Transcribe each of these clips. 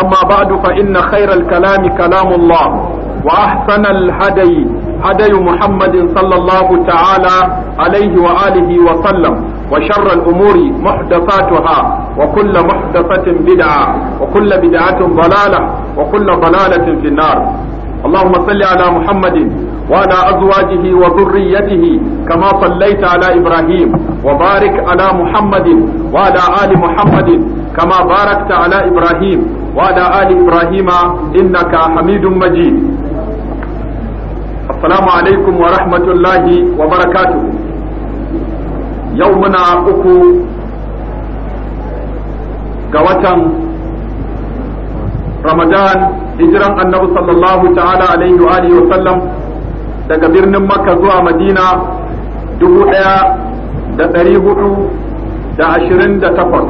أما بعد فإن خير الكلام كلام الله وأحسن الهدي هدي محمد صلى الله تعالى عليه وآله وسلم وشر الأمور محدثاتها وكل محدثة بدعة وكل بدعة ضلالة وكل ضلالة في النار اللهم صل على محمد وعلى أزواجه وذريته كما صليت على إبراهيم وبارك على محمد وعلى آل محمد كما باركت على إبراهيم وعلى آل إبراهيم إنك حميد مجيد السلام عليكم ورحمة الله وبركاته يومنا أكو قوتا رمضان هجرا النبي صلى الله تعالى عليه وآله وسلم daga birnin makka zuwa madina dubu ɗaya da ɗari hudu da ashirin da takwas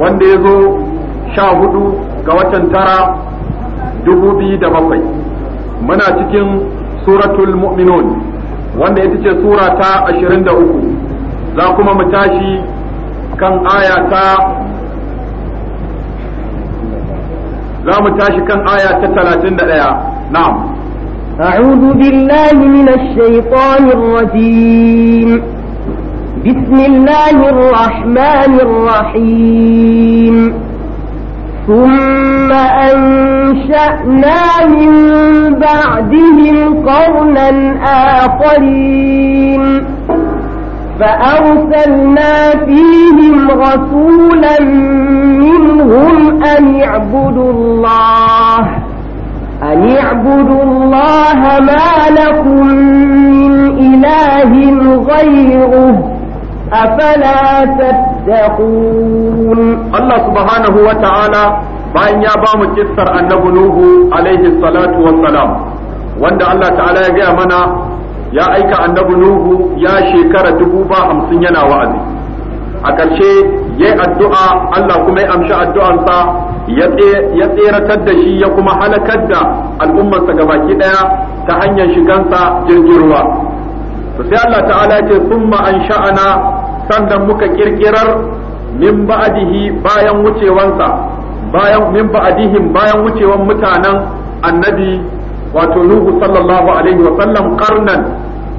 wanda ya zo sha hudu ga watan tara dubu biyu da bakwai muna cikin suratul mu'minun wanda ita ce sura ta ashirin da uku za kuma mu tashi kan aya ta za mu tashi kan aya ta talatin da ɗaya na'am أعوذ بالله من الشيطان الرجيم بسم الله الرحمن الرحيم ثم أنشأنا من بعدهم قرنا آخرين فأرسلنا فيهم رسولا منهم أن اعبدوا الله أن اعبدوا الله ما لكم من إله غيره أفلا تتقون الله سبحانه وتعالى bayan ya ba mu kissar annabi Nuhu alaihi salatu wassalam wanda Allah ta'ala ya gaya mana ya aika annabi Nuhu ya shekara dubu ba hamsin yana wa'azi a ƙarshe ya addu'a Allah kuma ya amshi addu'arsa ya tseratar da shi ya kuma halakar da al'ummarsa gabaki ɗaya ta hanyar shigansa jirgin ruwa to sai Allah ta'ala ce summa ansha'ana sannan muka kirkirar min ba'dihi bayan wucewansa bayan min ba'dihim bayan wucewan mutanen annabi wato Nuhu sallallahu alaihi wa sallam karnan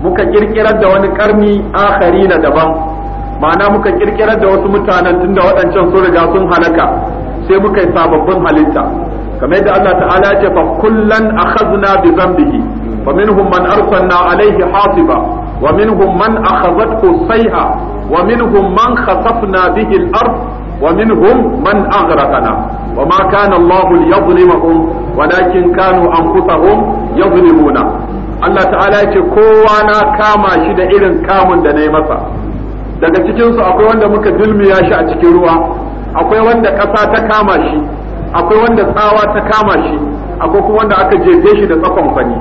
muka kirkirar da wani karni akhari na daban ma'ana muka kirkirar da wasu mutanen tunda waɗancan sun riga sun halaka sai muka yi sababbin halitta kamar yadda Allah ta'ala ya ce fa kullan akhadna bi dhanbihi فمنهم من أرسلنا عليه حاصبا ومنهم من أخذته الصيحة ومنهم من خسفنا به الأرض ومنهم من أغرقنا وما كان الله ليظلمهم ولكن كانوا أنفسهم يظلمون Allah ta'ala ya ce kowa na kama shi da irin kamun da na yi masa daga cikinsu akwai wanda muka dulmiya shi a cikin ruwa akwai wanda ƙasa ta kama shi akwai wanda tsawa ta kama shi akwai kuma wanda aka jefe shi da tsakon fani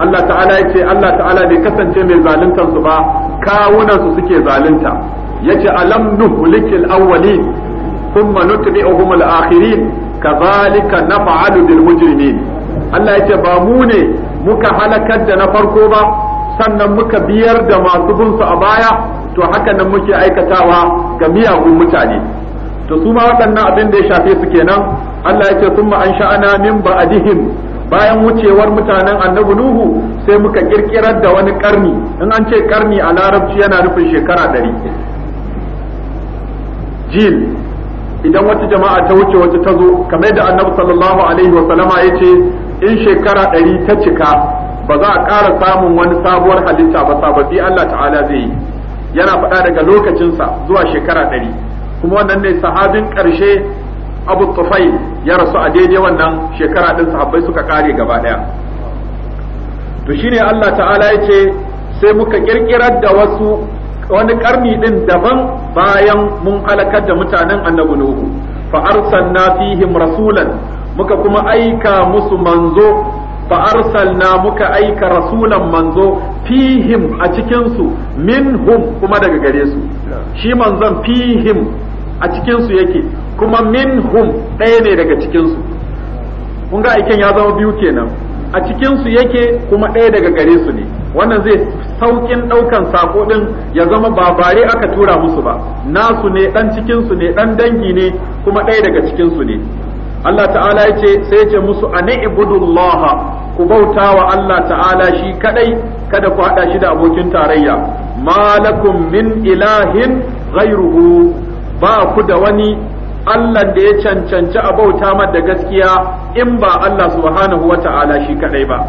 Allah ta'ala ya ce Allah ta'ala bai kasance mai zaluntar su ba kawunan su suke zalunta yace alam nuhlikil awwalin thumma nutbi'uhum al-akhirin kadhalika naf'alu bil mujrimin Allah yace ba mu ne muka halakar da na farko ba sannan muka biyar da masu bin su a baya to haka nan muke aikatawa ga miyagun mutane to su ma waɗannan abin da ya shafe su kenan Allah yace thumma ansha'ana min ba'dihim bayan wucewar mutanen annabi nuhu sai muka kirkirar da wani karni in an ce karni a larabci yana nufin shekara ɗari jil idan wata jama'a ta wuce wata ta zo kamar yadda annabi sallallahu alaihi wa sallama ya ce in shekara ɗari ta cika ba za a ƙara samun wani sabuwar halitta ba sababbi Allah ta'ala zai yi yana faɗa daga lokacinsa zuwa shekara ɗari kuma wannan ne sahabin ƙarshe abu tufai ya rasu a daidai wannan shekara ɗin sahabbai suka kare gaba ɗaya to shine Allah ta'ala ya ce sai muka ƙirƙirar da wasu wani karni ɗin daban bayan mun halakar da mutanen annabi nuhu fa arsalna fihim rasulan muka kuma aika musu manzo fa arsalna muka aika rasulan manzo fihim a cikin su minhum kuma daga gare su shi manzon fihim a cikinsu su yake kuma minhum ɗaya ne daga cikinsu kun ga aikin ya zama biyu kenan a cikinsu yake kuma ɗaya daga gare su ne wannan zai saukin ɗaukan sako ɗin ya zama ba bare aka tura musu ba nasu ne ɗan cikinsu ne ɗan dangi ne kuma ɗaya daga cikinsu ne Allah ta'ala ya ce sai ya ce musu a ibudullaha ku bauta wa Allah ta'ala shi kaɗai, kada ku haɗa shi da abokin tarayya malakum min ilahin ghairuhu ba ku da wani Allah da ya cancanci a bauta da gaskiya in ba Allah subhanahu wa ta'ala shi kadai ba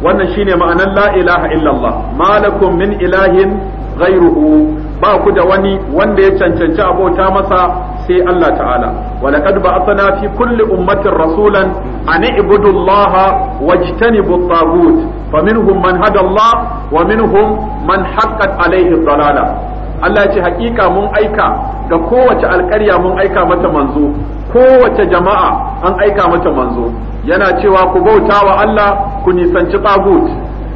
wannan shine ma'anar la ilaha illallah malakum min ilahin ghairuhu ba ku da wani wanda ya cancanci a bauta masa sai Allah ta'ala wa laqad ba'athna fi kulli ummatin rasulan an ibudu Allah wajtanibu at-taghut faminhum man hada Allah wa minhum man haqqat alayhi ad-dalalah Allah ya ce hakika mun aika ga kowace alƙarya mun aika mata manzo kowace jama'a an aika mata manzo yana cewa ku bauta wa Allah ku nisanci tagut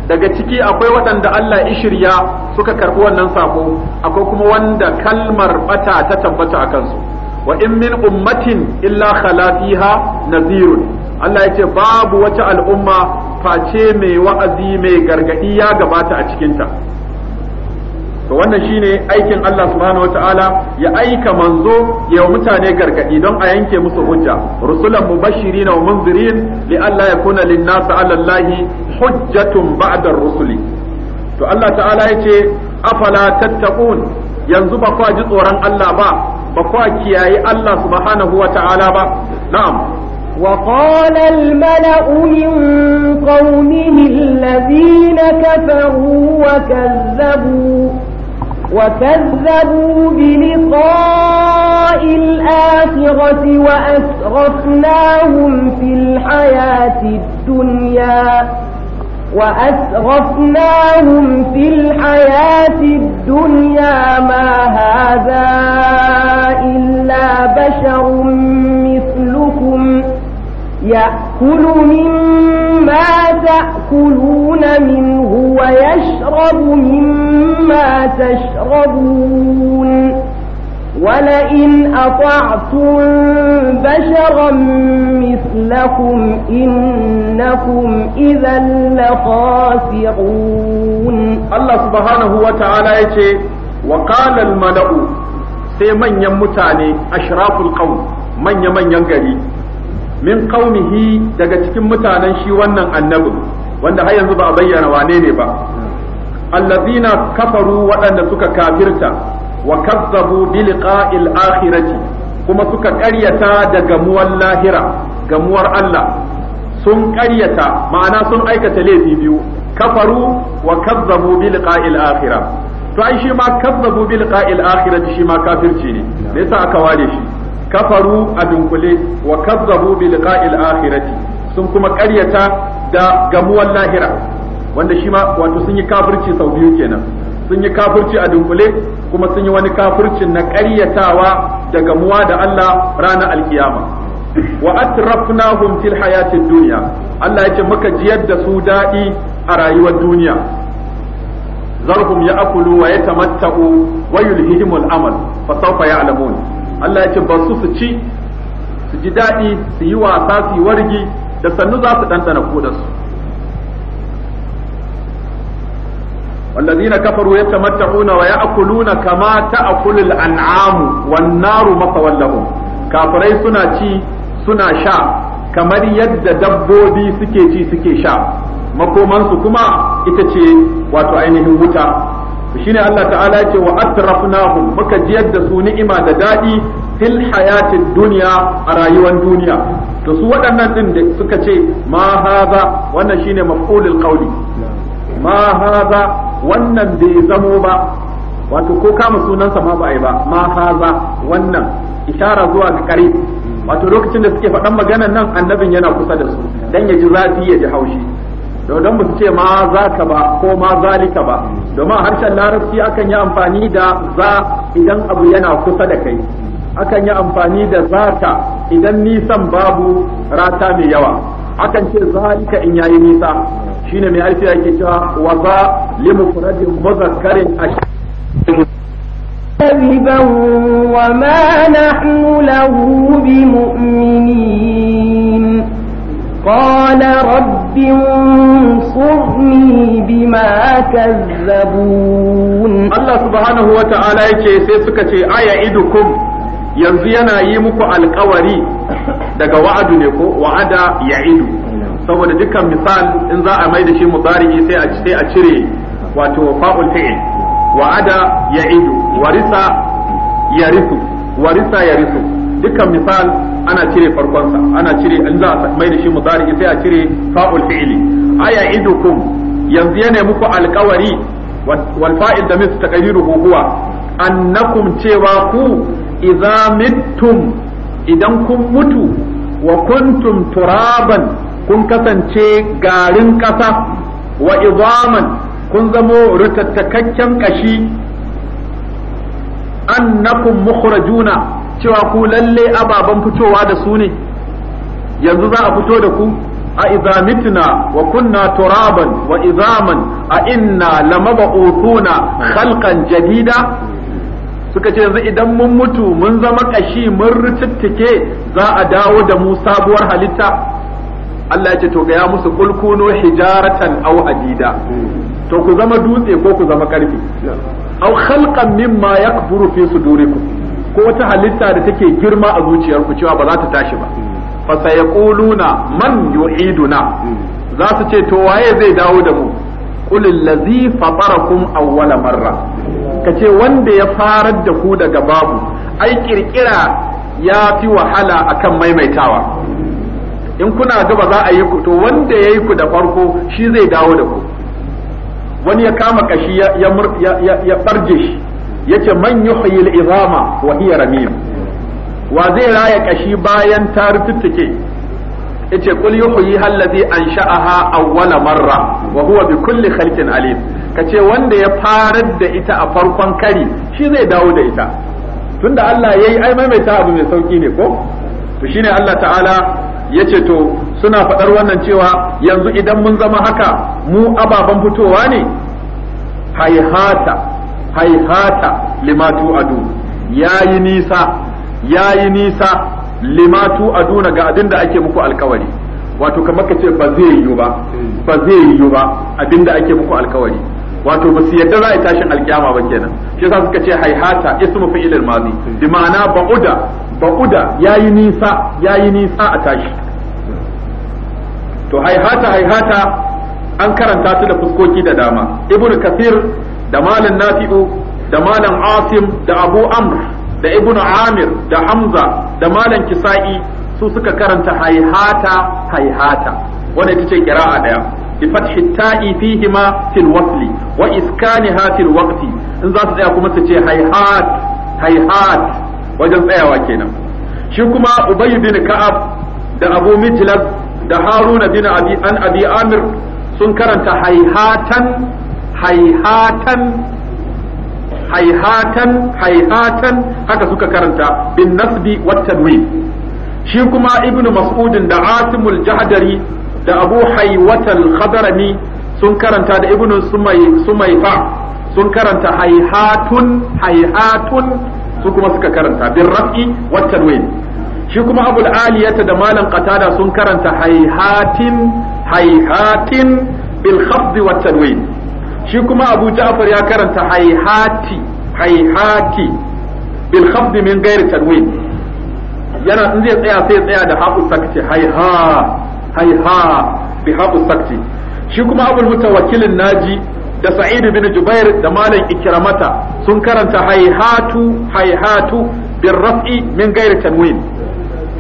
daga ciki akwai waɗanda Allah shirya suka karɓi wannan sako akwai kuma wanda kalmar bata ta tabbata a kansu wa in min ummatin illa khala fiha nazirun Allah ya ce babu wata al'umma face mai wa'azi mai gargadi ya gabata a cikinta to wannan shine aikin Allah subhanahu wataala ya aika manzo ya mutane gargadi don a yanke musu hujja rusulan mubashirin wa munzirin li alla yakuna lin nas ala allahi hujjatun ba'da rusuli to Allah ta'ala yace afala tattaqun yanzu ba kwa ji tsoron Allah ba ba kwa kiyayi Allah subhanahu wataala ba na'am وقال الملأ من قومه الذين كفروا وكذبوا وكذبوا بلقاء الآخرة وأسرفناهم في الحياة الدنيا وأسرفناهم في الحياة الدنيا ما هذا إلا بشر مثلكم يأكل من مما تأكلون منه ويشرب مما تشربون ولئن أطعتم بشرا مثلكم إنكم إذا لخاسرون الله سبحانه وتعالى يتي وقال الملأ سيمن يمتاني أشراف القوم من يمن ينقري min qaumihi daga cikin mutanen shi wannan annabin wanda har yanzu ba a bayyana wane ne ba allazina kafaru waɗanda suka kafirta wa kazzabu bi liqa'il akhirati kuma suka ƙaryata da gamuwar lahira gamuwar Allah sun ƙaryata ma'ana sun aikata laifi biyu kafaru wa kazzabu bi liqa'il akhirah to ai shi ma kazzabu bi liqa'il akhirati shi ma kafirci ne me yasa aka ware shi kafaru a dunkule wa kazzabu bi liqa'il akhirati sun kuma ƙaryata da gamuwar lahira wanda shi ma wato sun yi kafirci sau biyu kenan sun yi kafirci a dunkule kuma sun yi wani kafircin na ƙaryatawa da gamuwa da Allah ranar alkiyama wa atrafnahum fil hayatin duniya, Allah yace muka jiyar da su dadi a rayuwar duniya zarhum ya'kulu wa yatamatta'u wa yulhihimul amal fa sawfa ya'lamun Allah ya ba su su ci su ji daɗi su yi wasa su wargi da sannu za su danta na kudasu. Wanda zina kafar wuya wa ya uku luna kamata a hulɗar al'amu, naru masa wallafa. Kafurai suna ci suna sha kamar yadda dabbobi suke ci suke sha makomansu kuma ita ce wato ainihin wuta. shine Allah ta'ala ya ce wa atrafnahum muka jiyar da su ni'ima da dadi fil hayatid duniya a rayuwar duniya to su waɗannan din da suka ce ma haza wannan shine maf'ulul qawli ma haza wannan bai zamo ba wato ko kama sunansa ma ba yi ba ma haza wannan ishara zuwa ga kare wato lokacin da suke faɗan maganan nan annabin yana kusa da su dan ya ji zafi ya ji haushi to don ba ce ma za ka ba ko ma zalika ba domin harshen larabci akan yi amfani da za idan abu yana kusa da kai akan yi amfani da zaka idan nisan babu rata mai yawa akan ce zalika in yayi nisa shine mai alfi yake cewa wa za limufradin muzakkarin wa ma وما lahu bi mu'minin قال رب انصرني بما كذبون الله سبحانه وتعالى yake sai suka ce a aya kum yanzu yana yi muku alkawari daga wa'adu ne ko wa'ada ya'idu saboda dukkan misal in za a mai da shi mudari sai a sai a cire wato fa'ul fi'il wa'ada ya'idu warisa yarisu warisa yarisu dukkan misal ana cire farkonsa ana cire in za a mai da shi mudari sai a cire fa'ul fi'li aya idukum yanzu yana muku alkawari wal fa'il da mis taqdiruhu huwa annakum cewa ku idza mittum idan kun mutu wa kuntum turaban kun kasance garin kasa wa idaman kun zamo rutattakakken kashi annakum mukhrajuna cewa ku lalle ababen fitowa da su ne yanzu za a fito da ku a idza mitna wa kunna turaban wa izaman a inna lamab'uthuna khalqan jadida suka ce yanzu idan mun mutu mun zama kashi mun rututtuke za a dawo da mu sabuwar halitta Allah ya ce to gaya musu kulkuno hijaratan aw adida to ku zama dutse ko ku zama karfi aw khalqan mimma yakburu fi sudurikum ko wata halitta da take girma a zuciyarku cewa ba za ta tashi ba fa sayaquluna man yu'iduna za su ce to waye zai dawo da mu qul allazi fatarakum awwala marra kace wanda ya farar da ku daga babu ai kirkira ya fi wahala akan maimaitawa in kuna ga ba za a yi ku to wanda ya yi ku da farko shi zai dawo da ku wani ya kama kashi ya ya ya, ya, ya barge shi yace man yuhyil izama wa hiya ramim wa zai raya kashi bayan ta rututtuke yace qul yuhyi allazi ansha'aha awwala marra wa huwa bi kulli khalqin alim kace wanda ya farar da ita a farkon kari shi zai dawo da ita tunda Allah yayi ai maimaita abu mai sauki ne ko to shine Allah ta'ala yace to suna faɗar wannan cewa yanzu idan mun zama haka mu ababen fitowa ne haihata haihata limatu adu yayi nisa yayi nisa limatu aduna ga abin da ake muku alkawari wato kamar ka ce ba zai yiwu ba ba zai yiwu ba abin da ake muku alkawari wato ba su yadda za a yi tashin alkiyama ba kenan shi yasa suka ce haihata ismu fi'ilil madi bi ma'ana ba uda yayi nisa yayi nisa a tashi to haihata haihata an karanta su da fuskoki da dama ibnu kafir. da malin nafi'u da Malam asim da abu amr da ibn amir da hamza da malin kisa'i su suka karanta haihata haihata wanda ita ce a ɗaya. bi fathi ta'i fihi ma fil wasli wa iskanha fil waqti in za su tsaya kuma su ce haihat haihat wajen tsayawa kenan shi kuma ubay bin ka'ab da abu mitlab da haruna bin abi sun karanta haihatan haihatan haihatan haihatan haka suka karanta bin nasbi wat tanwin shi kuma ibnu mas'udin da asimul Jahadari da abu haiwatal khadarami sun karanta da ibnu sumayfa sun karanta haihatun haihatun su kuma suka karanta bin raf'i wat tanwin shi kuma abul aliyata da malam qatada sun karanta haihatin haihatin bil khafd wat tanwin shi kuma abu ja'far ya karanta haihati haihati bil khafd min ghairi tanwin yana in zai tsaya sai tsaya da haqu sakti haiha haiha bi haqu sakti shi kuma abul mutawakkilin naji da sa'id bin jubair da malam ikramata sun karanta haihatu haihatu bil raf'i min ghairi tanwin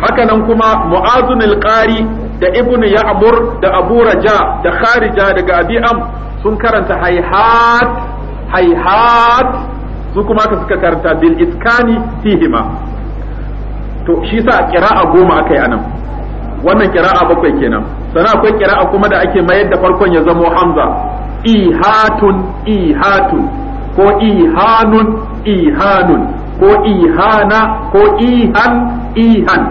haka nan kuma mu'azun al-qari da ibnu ya'mur da abu raja da kharija daga abi am sun karanta haihat haihat su kuma ka suka karanta bil iskani fihima to shi sa kira'a goma akai anan wannan kira'a bakwai kenan sannan akwai kira'a kuma da ake mayar da farkon ya zamo hamza ihatun ihatun ko ihanun ihanun ko ihana ko ihan ihan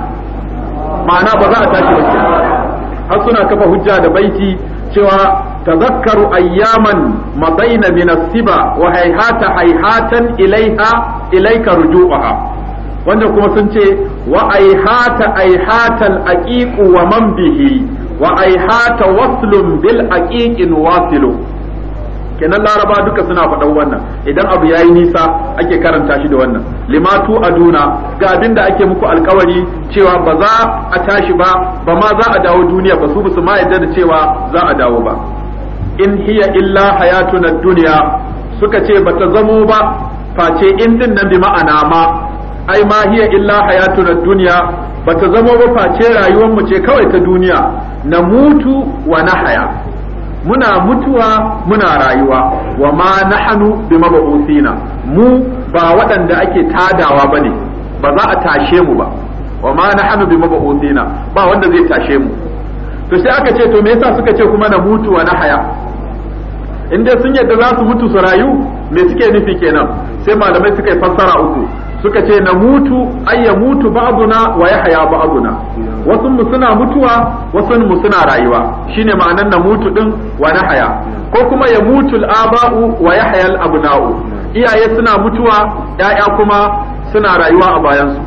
ma'ana ba za a tashi ba har suna kafa hujja da baiti cewa تذكروا أياما مضين من السبا وهيهات هيهاتا إليها إليك رجوعها wanda kuma sun ce wa aihata aihatan aqiqu wa man bihi wa aihata waslun bil aqiqin wasilu kenan laraba duka suna faɗan wannan idan abu yayi nisa ake karanta shi da wannan limatu aduna ga abin da ake muku alkawari cewa ba za a tashi ba ba ma za a dawo duniya ba su ba su ma yadda da cewa za a dawo ba in hiya illa hayatuna dunya suka ce bata zamo ba face in din nan bi ma'ana ma ai ma hiya illa duniya dunya bata zamo ba face rayuwar mu ce kawai ta duniya na mutu wa na haya muna mutuwa muna rayuwa wa ma nahanu bi mab'usina mu ba waɗanda ake tadawa bane ba za a tashe mu ba wa ma nahanu bi mab'usina ba wanda zai tashe mu to sai aka ce to me yasa suka ce kuma na mutu wa na haya in dai sun yadda za su mutu su rayu me suke nufi kenan sai malamai suka yi fassara uku suka ce na mutu ay ya mutu ba'duna wa yahya ba'duna wasu mu suna mutuwa wasu mu suna rayuwa shine ma'anar na mutu din wa haya? ko kuma ya mutu al-aba'u wa yahya al-abna'u iyaye suna mutuwa ya'ya kuma suna rayuwa a bayansu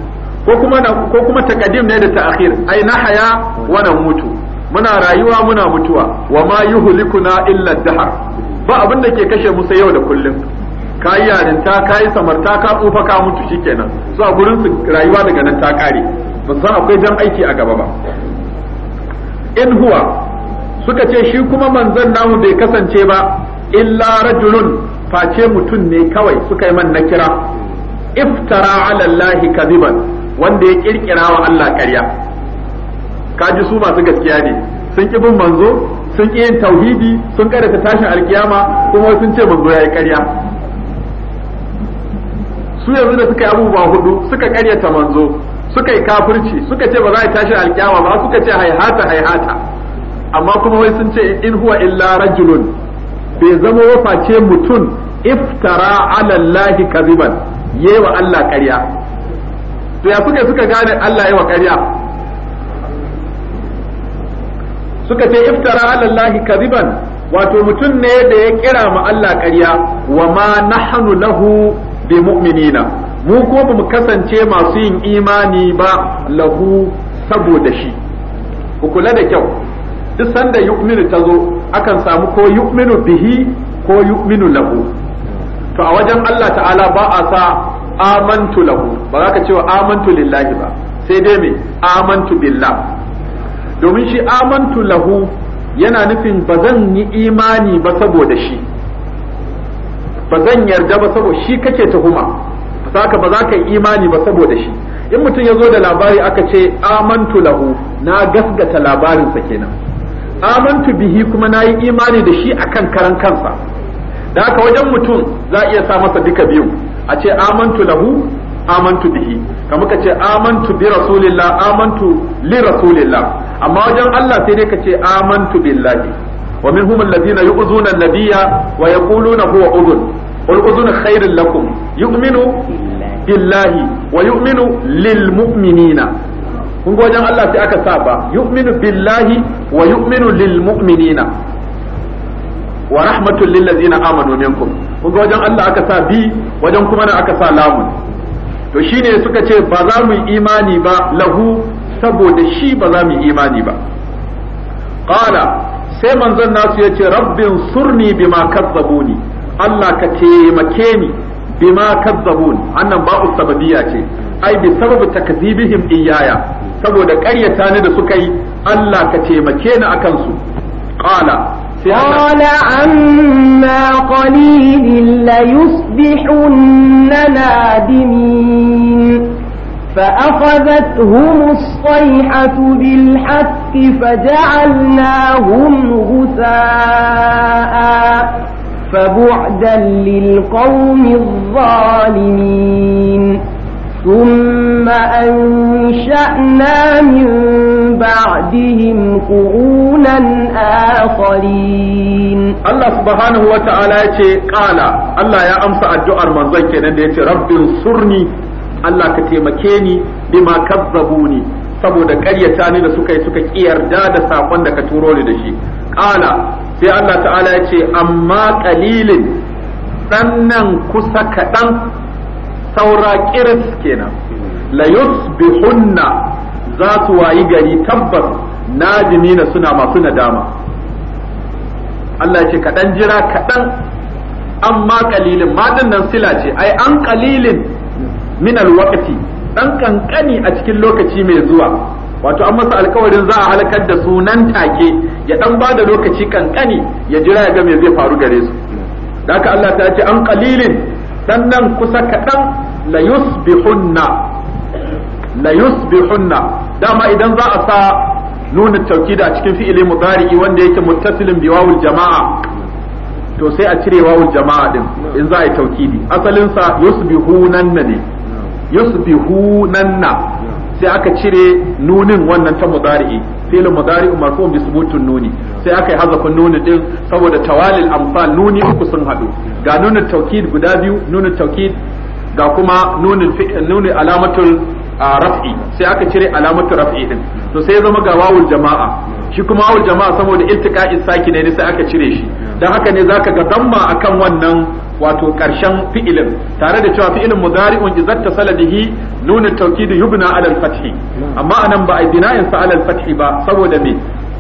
ko kuma ko kuma takadim ne da ta'khir ay nahaya wa na mutu muna rayuwa muna mutuwa wa ma yuhlikuna illa dahar ba abin da ke kashe musa yau da kullum ka yi yarinta ka yi samarta ka tsufa ka mutu shikenan su a gurin su rayuwa daga nan ta kare ba san akwai jan aiki a gaba ba in huwa suka ce shi kuma manzon namu bai kasance ba illa rajulun face mutum ne kawai suka yi man na kira iftara ala Allahi kadiban wanda ya kirkira wa Allah ƙarya ji su masu gaskiya ne sun ƙi bin manzo sun ƙi yin tauhidi sun karanta tashin alkiyama kuma sun ce manzo yi ƙarya su yanzu da suka yi abubuwa hudu suka ƙaryata manzo suka yi kafirci suka ce ba za a yi tashin alkiyama ba suka ce haihata haihata amma kuma wai sun ce in huwa illa rajulun bai zama waface mutum iftara alallahi Allah kaziban yewa Allah ƙarya to ya suke suka gane Allah wa ƙarya suka ce iftara ala Allah kadiban wato mutum ne da ya kira ma Allah ƙarya wa ma nahnu lahu bi mu'minina mu ko ba mu kasance masu yin imani ba lahu saboda shi ku kula da kyau duk sanda yu'minu ta zo akan samu ko yu'minu bihi ko yu'minu lahu to a wajen Allah ta'ala ba a sa amantu lahu ba za ka ce wa amantu lillahi ba sai dai me amantu billah domin shi amantu lahu yana nufin ba zan yi imani ba saboda shi ba zan yarda ba saboda shi kake tuhuma saka ba za ka yi imani ba saboda shi in mutum ya zo da labari aka ce amantu lahu na gasgata labarinsa kenan amantu bihi kuma na yi imani da shi akan karan kansa da haka wajen mutum za a iya sa masa duka biyu a ce amantu lahu amantu bihi kamar ka ce amantu bi rasulillah amantu li rasulillah amma wajen Allah sai dai ka ce amantu billahi wa minhum alladhina yu'zuna an-nabiyya wa yaquluna huwa udhun qul udhun khairul lakum yu'minu billahi wa yu'minu lil mu'minina kun ga wajen Allah sai aka sa ba yu'minu billahi wa yu'minu lil mu'minina wa rahmatul lil ladzina amanu minkum kun ga wajen Allah aka sa bi wajen kuma ne aka sa lamun to shine suka ce ba za mu imani ba lahu saboda shi ba za mu imani ba Ƙala sai manzon nasu ya ce rabbin surni bima kazzabuni Allah ka taimake ni bima kazzabun annan ba'u sababiyya ce ai bi sababi takzibihim iyaya saboda ƙaryata ni da suka yi Allah ka taimake ni akan su qala قال عما قليل ليصبحن نادمين فأخذتهم الصيحة بالحق فجعلناهم غثاء فبعدا للقوم الظالمين ثم أنشأنا من بعدهم قرونا آخرين الله سبحانه وتعالى قال الله يا أمس الدعاء من ذلك رب انصرني Allah ka taimake ni bima kazzabuni saboda karyata ni da suka yi suka kiyarda da sakon da ka turo ni da shi qala sai Allah ta'ala ya ce amma ƙalilin, dan kusa kaɗan saura kiris kenan la yusbihunna za su wayi gari tabbas na suna masu nadama Allah ya ce kaɗan jira kaɗan amma ƙalilin, maɗannan nan sila ce ai an ƙalilin. min alwaqti dan kankani a cikin lokaci mai zuwa wato an masa alkawarin za a halakar da sunan take ya dan ba da lokaci kankani ya jira ya ga me zai faru gare su da haka Allah ta ce an qalilin dan nan kusa kaɗan la yusbihunna la yusbihunna dama idan za a sa nuna taukida a cikin fi'ili mudari'i wanda yake muttasilin bi wawul jama'a to sai a cire wawul jama'a din in za a yi taukidi asalin sa yusbihunanna ne yusbihunanna sai aka cire nunin wannan ta mudari'i filin mudari'u marfu bi subutun nuni sai aka yi hazafin nuni din saboda tawalil amsal nuni uku sun hadu ga nunin taukid guda biyu nunin taukid ga kuma nunin nuni alamatul raf'i sai aka cire alamatul raf'i din to sai zama ga wawul jama'a shi kuma wawul jama'a saboda iltiqa'is sakinai ne sai aka cire shi dan haka ne zaka ga damma akan wannan wato karshen fi'ilin tare da cewa fi'ilin mudari'un izatta salabihi nuna tawkid yubna ala al-fath amma anan ba a bina'in sa ala al-fath ba saboda me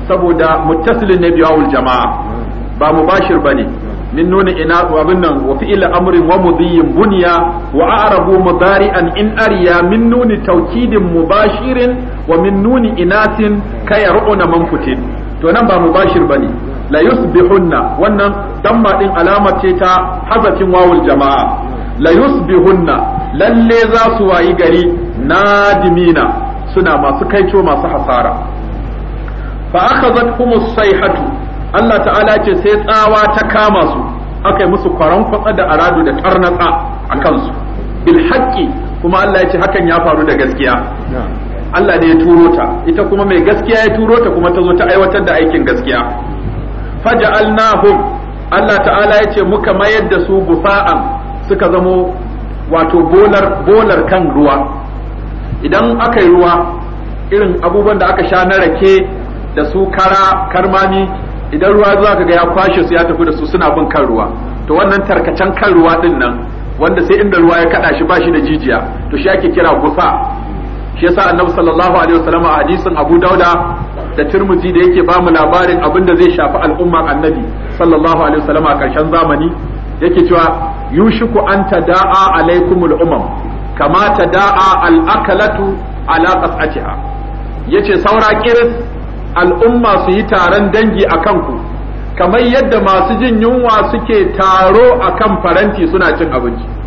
saboda muttasilin ne biwawul jama'a ba mubashir bane min nuna ina abin nan wa fi'il amrin wa mudhiyin bunya wa a'rabu mudari'an in ariya min nuni tawkidin mubashirin wa min nuni inasin kayaruna manfutin to nan ba mubashir bane la yusbihunna wannan damma din alama ce ta hazafin wawul jama'a la yusbihunna lalle za su wayi gari nadimina suna masu kaico masu hasara fa humus sayhatu Allah ta'ala ce sai tsawa ta kama su aka musu kwaran kwatsa da aradu da tarnatsa a kansu bil haqqi kuma Allah ya ce hakan ya faru da gaskiya Allah ne ya turo ta ita kuma mai gaskiya ya turo ta kuma ta zo ta aiwatar da aikin gaskiya faja'alnahum Allah ta'ala ya ce muka mayar da su gufa'an suka zamo wato bolar bolar kan ruwa idan aka yi ruwa irin abubuwan da aka sha na rake da su kara karmami idan ruwa zuwa kaga ya kwashe su ya tafi da su suna bin kan ruwa to wannan tarkacen kan ruwa din nan wanda sai inda ruwa ya kada shi ba shi da jijiya to shi ake kira gufa shi yasa annabi sallallahu alaihi wasallam a hadisin Abu Dauda da Tirmidhi da yake ba mu labarin abin da zai shafi al'umma annabi sallallahu alaihi wasallam a karshen zamani yake cewa yushiku an tada'a alaikumul umam kama tada'a al-akalatu ala qas'atiha yace saura kiris al'umma su yi taron dangi a kanku kamar yadda masu jin yunwa suke taro a kan faranti suna cin abinci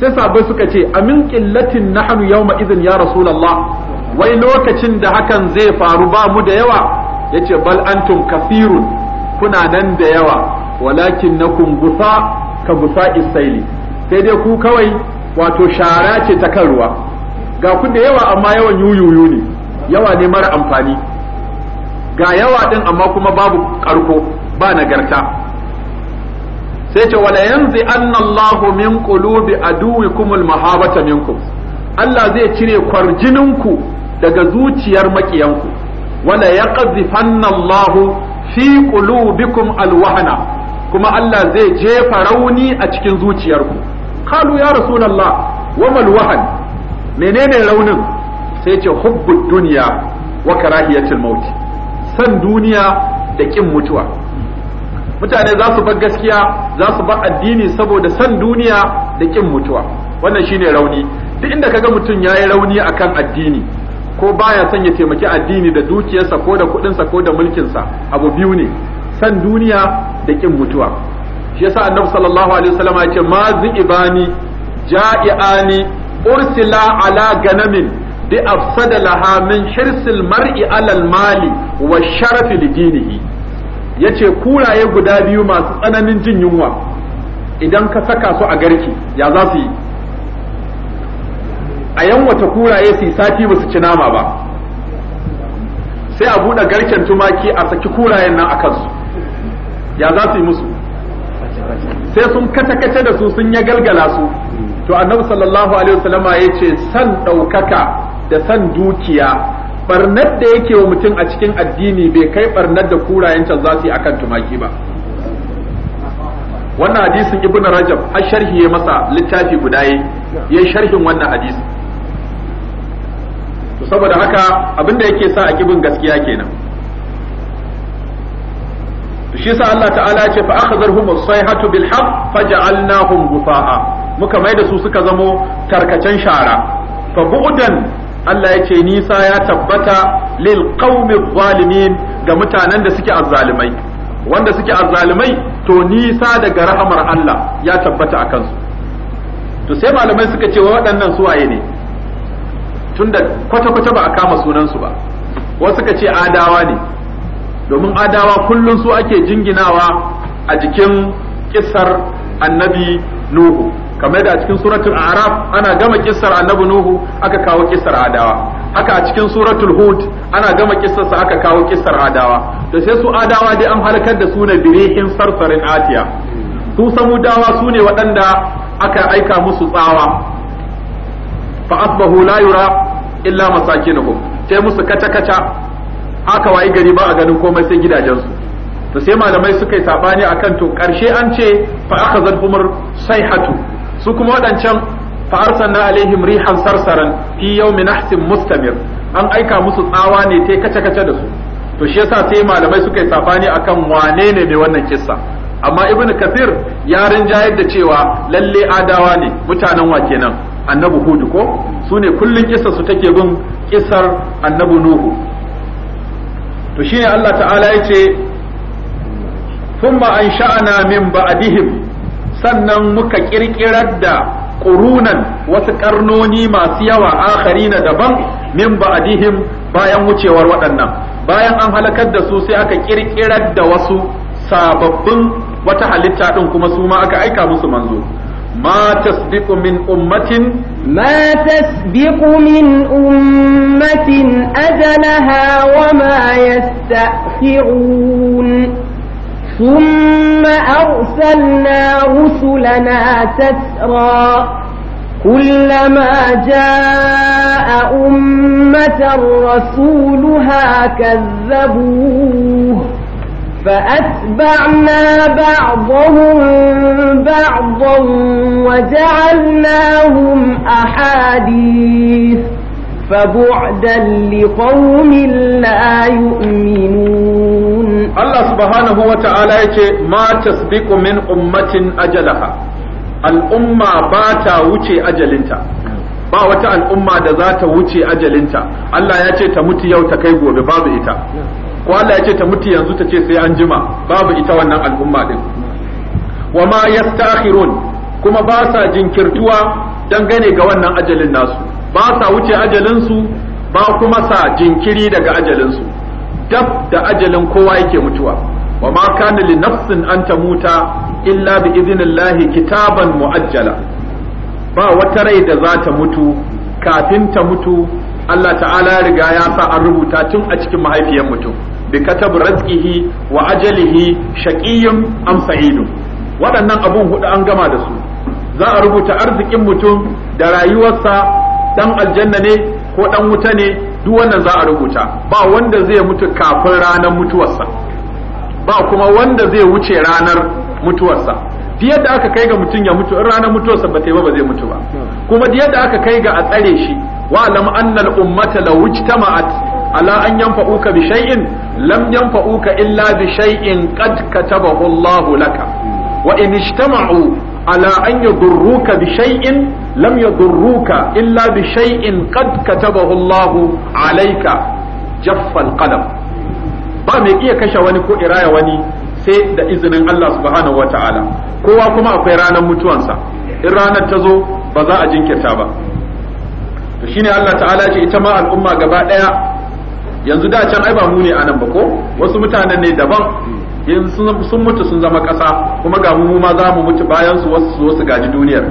sai sabai suka ce amin qillatin nahnu yawma idhin ya rasulullah wai lokacin da hakan zai faru ba mu da yawa yace bal antum kafirun kuna nan da yawa walakin nakum gusa ka gusa isaili sai dai ku kawai wato shara ce ta kan ruwa ga ku da yawa amma yawan yuyuyu ne yawa ne mara amfani ga yawa din amma kuma babu karko ba nagarta sai ce wala yanzu annallahu min qulubi aduwikumul mahabata minkum Allah zai cire kwarjininku daga zuciyar makiyanku wala yaqdhifanna Allahu fi qulubikum alwahna kuma Allah zai jefa rauni a cikin zuciyarku qalu ya rasulullah wa mal wahan menene raunin sai ce hubbud dunya wa karahiyatul maut san duniya da kin mutuwa mutane za su bar gaskiya za su bar addini saboda san duniya da kin mutuwa wannan shine rauni duk inda kaga mutum ya yi rauni akan addini ko baya son ya taimaki addini da dukiyarsa ko da kuɗinsa ko da mulkinsa abu biyu ne san duniya da kin mutuwa shi yasa annabi sallallahu alaihi wasallam ya ce ma zi'ibani ja'iani ursila ala ganamin bi afsada laha min shirsil mar'i ala al mali wa sharafi lidinihi yace kuraye guda biyu masu tsananin jin yunwa idan ka saka su a garki ya za su yi a yan wata kuraye su yi sati ba su ci nama ba sai a buɗe garken tumaki a saki kurayen nan a kansu ya za su yi musu sai sun kace-kace da su sun ya galgala su to annabi sallallahu alaihi wasallama ya ce san ɗaukaka da san dukiya barnar da yake wa mutum a cikin addini bai kai barnar da kurayen can za su yi akan tumaki ba wannan hadisin Ibn rajab har sharhi ya masa littafi guda yi ya sharhin wannan hadisi to saboda haka abin abinda yake sa a kibin gaskiya kenan to shi sa Allah ta'ala ce fa akhadharhum as-sayhatu bil haqq faj'alnahum gufaa muka mai da su suka zamo tarkacen shara fa bu'dan Allah ya ce nisa ya tabbata lil qaumi zalimin ga mutanen da suke azzalimai wanda suke azzalimai to nisa daga rahamar Allah ya tabbata a kansu to sai malamai suka ce wa waɗannan suwaye ne tunda kwata-kwata ba a kama sunansu ba wasu suka ce adawa ne domin adawa kullum su ake jinginawa a jikin kisar annabi nuhu kamar da a cikin suratul araf ana gama kissar annabi nuhu aka kawo kissar adawa haka a cikin suratul hud ana gama kissar aka kawo kissar adawa to sai su adawa dai an halakar da su ne birihin sarsarin atiya su samudawa su ne waɗanda aka aika musu tsawa fa asbahu la yura illa masakinuhum sai musu kaca kaca haka wayi gari ba a ganin komai sai gidajensu to sai malamai suka yi sabani akan to karshe an ce fa akhazat humur sayhatu su kuma waɗancan fa arsalna alaihim rihan sarsaran fi yawmin nahsin mustamir an aika musu tsawa ne ta kace kace da su to shi yasa sai malamai suka yi safani akan wane ne mai wannan kissa amma ibnu kathir ya rinjayar da cewa lalle adawa ne mutanen wa kenan annabi hudu ko su ne kullun kissar su take bin kissar annabi nuhu to shine Allah ta'ala ya yace thumma ansha'na min ba'dihim sannan muka ƙirƙirar da ƙurunan wasu ƙarnoni masu yawa akhari na daban min ba'dihim bayan wucewar waɗannan bayan an halakar da su sai aka ƙirƙirar da wasu sababbin wata halitta ɗin kuma su ma aka aika musu manzo ما تسبق من أمة ما تسبق من أمة أجلها وما يستأخرون ثم أرسلنا رسلنا تسرا كلما جاء أمة رسولها كذبوه فأتبعنا بعضهم بعضا وجعلناهم أحاديث فبعدا لقوم لا يؤمنون Allah subhanahu wa ta'ala ya ce ma tasbiqu min ummatin ajalaha al'umma ba ta wuce ajalinta ba wata al'umma da za ta wuce ajalinta Allah ya ce ta mutu yau ta kai gobe babu ita ko Allah ya ce ta mutu yanzu ta ce sai an jima babu ita wannan al'umma din wa ma yastakhirun kuma ba sa jinkirtuwa dangane ga wannan ajalin nasu ba sa wuce ajalinsu ba kuma sa jinkiri daga ajalinsu dab da ajalin kowa yake mutuwa wa ma kana li nafsin an tamuta illa bi idnillahi kitaban muajjala ba wata rai da za ta mutu kafin ta mutu Allah ta'ala riga ya sa an rubuta tun a cikin mahaifiyar mutum bi katab rizqihi wa ajalihi shaqiyyun am sa'idun waɗannan abun hudu an gama da su za a rubuta arzikin mutum da rayuwarsa dan aljanna ne ko dan wuta ne duk wannan za a rubuta ba wanda zai mutu kafin ranar mutuwarsa ba kuma wanda zai wuce ranar mutuwarsa fiye da aka kai ga mutum ya mutu in ranar mutuwarsa ba ta yi ba zai mutu ba kuma fiye da aka kai ga a tsare shi wa lam annal ummata law ijtama'at ala an yanfa'uka bi shay'in lam yanfa'uka illa bi shay'in qad katabahu Allahu laka wa in ijtama'u ala an yadurruka bi shay'in lam illa bi shay'in qad katabahu Allah alayka jaffal qalam ba mai iya kashe wani ko iraya wani sai da izinin Allah subhanahu ta'ala kowa kuma akwai ranar mutuwansa in ranar ta zo ba za a jinkirta ba to shine Allah ta'ala ce ita ma al'umma gaba daya yanzu da can ai ba mu ne anan ba ko wasu mutanen ne daban Yanzu sun mutu sun zama ƙasa kuma ga mu ma za mu mutu bayan su wasu su wasu gaji duniyar